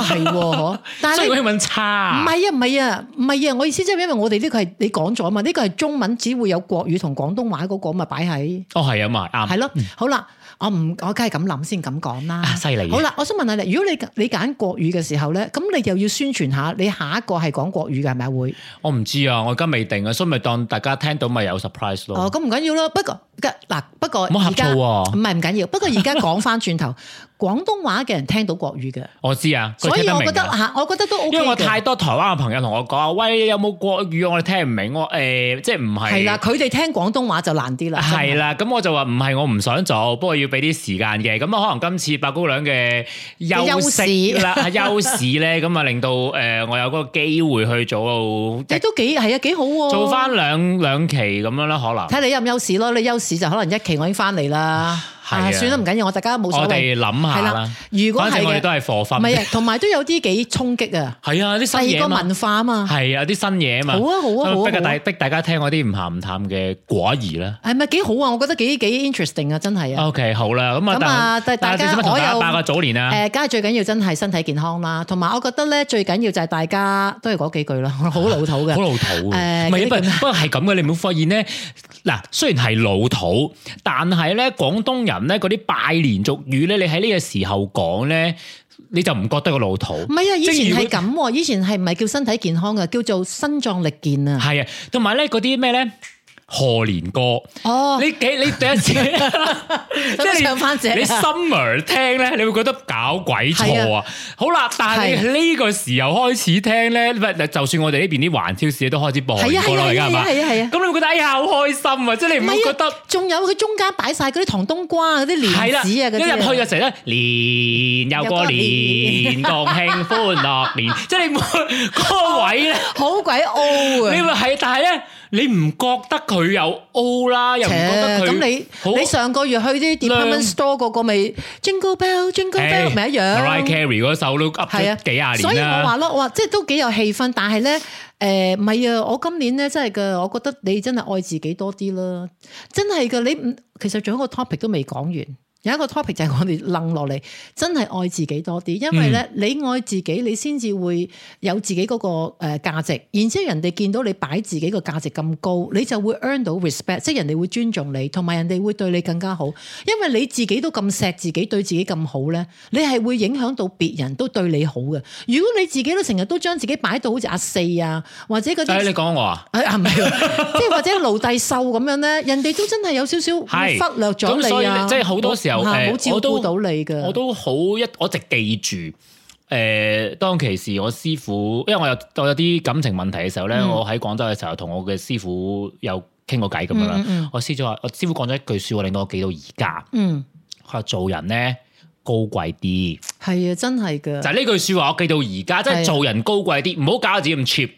啊，係、哦， (laughs) 但係你英文差。唔係啊，唔係啊，唔係啊，我意思即係因為我哋呢個係你講咗啊嘛，呢、這個係中文，只會有國語同廣東話嗰個咪擺喺。哦，係啊嘛，啱。係咯、啊，嗯、好啦。我唔，我梗係咁諗先咁講啦。犀利。好啦，我想問下你，如果你你揀國語嘅時候咧，咁你又要宣傳下你下一個係講國語嘅係咪會？我唔知啊，我而家未定啊，所以咪當大家聽到咪有 surprise 咯。哦，咁唔緊要咯。不過嗱，不過而家唔係唔緊要。不過而家講翻轉頭。廣東話嘅人聽到國語嘅，我知啊，所以我覺得吓、啊，我覺得都因為我太多台灣嘅朋友同我講，喂，有冇國語？我哋聽唔明，我誒、呃，即係唔係？係啦，佢哋聽廣東話就難啲啦。係啦，咁我就話唔係，我唔想做，不過要俾啲時間嘅。咁啊，可能今次八姑娘嘅休息,休息啦，休市咧，咁啊，令到誒，我有嗰個機會去做到，即都幾係啊，幾好做翻兩兩期咁樣啦。可能睇你有冇休市咯。你休市就可能一期我已經翻嚟啦。 (laughs) 係啊，算啦唔緊要，我大家冇所謂。我哋諗下啦。如果係，我哋都係佛法。唔係啊，同埋都有啲幾衝擊啊。係啊，啲新嘢啊嘛。第二個文化啊嘛。係啊，啲新嘢啊嘛。好啊好啊好。逼大逼大家聽我啲唔鹹唔淡嘅寡兒啦。係咪幾好啊？我覺得幾幾 interesting 啊！真係啊。OK，好啦，咁啊。咁啊，但係大家我又拜個早年啊。誒，梗係最緊要真係身體健康啦，同埋我覺得咧最緊要就係大家都係嗰幾句咯，好老土嘅好老土。誒，不過不過係咁嘅，你唔會發現咧嗱，雖然係老土，但係咧廣東人。咧嗰啲拜年俗語咧，你喺呢個時候講咧，你就唔覺得個老土？唔係啊，以前係咁，啊，果以前係唔係叫身體健康嘅，叫做身壯力健啊。係啊，同埋咧嗰啲咩咧？賀年歌哦，你幾你第一次即係唱翻自己，你 summer 聽咧，你會覺得搞鬼錯啊，好啦，但係你呢個時候開始聽咧，唔係就算我哋呢邊啲環超市都開始播咗過來，而家係嘛？係啊係啊，咁你會覺得哎呀好開心啊！即係你唔會覺得，仲有佢中間擺晒嗰啲糖冬瓜、嗰啲蓮子啊，一入去嘅時候咧，年又過年，共慶歡樂年，即係嗰個位咧，好鬼傲啊！你會係，但係咧。你唔覺得佢有 O 啦？又唔覺得佢咁你？你上個月去啲 department store 嗰個咪兩 Jingle Bell Jingle Bell 咪一 Hey, 樣？Mariah Carey 嗰首都 up 出幾廿年、啊、所以我話咯，我話即係都幾有氣氛，但係咧誒，咪、呃、啊！我今年咧真係嘅，我覺得你真係愛自己多啲咯。真係嘅，你唔？其實仲有一個 topic 都未講完。有一個 topic 就係我哋楞落嚟，真係愛自己多啲，因為咧你愛自己，你先至會有自己嗰個誒價值。然之後人哋見到你擺自己個價值咁高，你就會 earn 到 respect，即係人哋會尊重你，同埋人哋會對你更加好。因為你自己都咁錫自己，對自己咁好咧，你係會影響到別人都對你好嘅。如果你自己都成日都將自己擺到好似阿四啊，或者嗰啲，你講我啊，誒唔係，啊、 (laughs) 即係或者奴隸秀咁樣咧，人哋都真係有少少忽略咗你啊。是好好咁，所以即係好多時候。誒，我都到你我都好一，我一直記住。誒、呃，當其時我師傅，因為我有我有啲感情問題嘅時候咧，嗯、我喺廣州嘅時候同我嘅師傅有傾過偈咁樣啦。我師傅話，我師傅講咗一句說話令到我記到而家。嗯，佢話做人咧高貴啲，係啊，真係噶。就呢句說話我記到而家，啊、真係做人高貴啲，唔好搞到自己咁 cheap。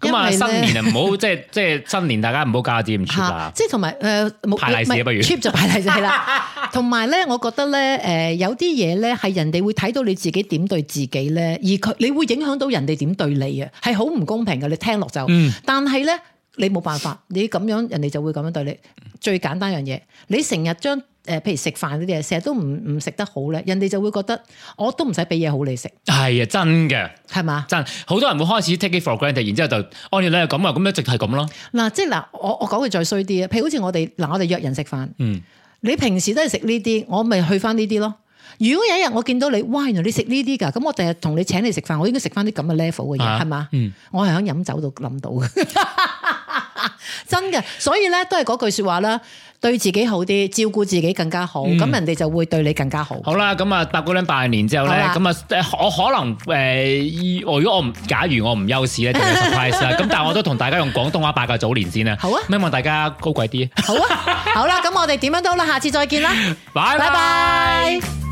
咁啊，新年啊，唔好 (laughs) 即係即係新年，大家唔好加字唔 cheap 即係同埋誒，冇唔 cheap 就排大事啦。同埋咧，我覺得咧，誒有啲嘢咧係人哋會睇到你自己點對自己咧，而佢你會影響到人哋點對你啊，係好唔公平嘅。你聽落就，嗯、但係咧你冇辦法，你咁樣人哋就會咁樣對你。最簡單一樣嘢，你成日將。誒，譬如食飯呢啲嘢，成日都唔唔食得好咧，人哋就會覺得我都唔使俾嘢好你食。係啊，真嘅，係嘛吧，真。好多人會開始 take it for granted，然之後就，哦，原來係咁啊，咁一直係咁咯。嗱，即係嗱，我我講嘅再衰啲啊，譬如好似我哋，嗱，我哋約人食飯，嗯，你平時都係食呢啲，我咪去翻呢啲咯。如果有一日我見到你，哇，原來你食呢啲㗎，咁我第日同你請你食飯，我應該食翻啲咁嘅 level 嘅嘢，係嘛、啊，吧嗯，我係響飲酒度諗到，到， (laughs) 真嘅。所以咧，以都係嗰句說話啦。對自己好啲，照顧自己更加好，咁、嗯、人哋就會對你更加好。好啦，咁啊，八姑娘拜年之後咧，咁啊吧，我可能誒，我、呃、如果我唔，假如我唔優士咧，就 surprise 啦。咁， (laughs) 但係我都同大家用廣東話拜個早年先啦。好啊，希望大家高貴啲啊。好啊，好啦，咁我哋點樣都啦， (laughs) 下次再見啦。拜拜拜。Bye bye。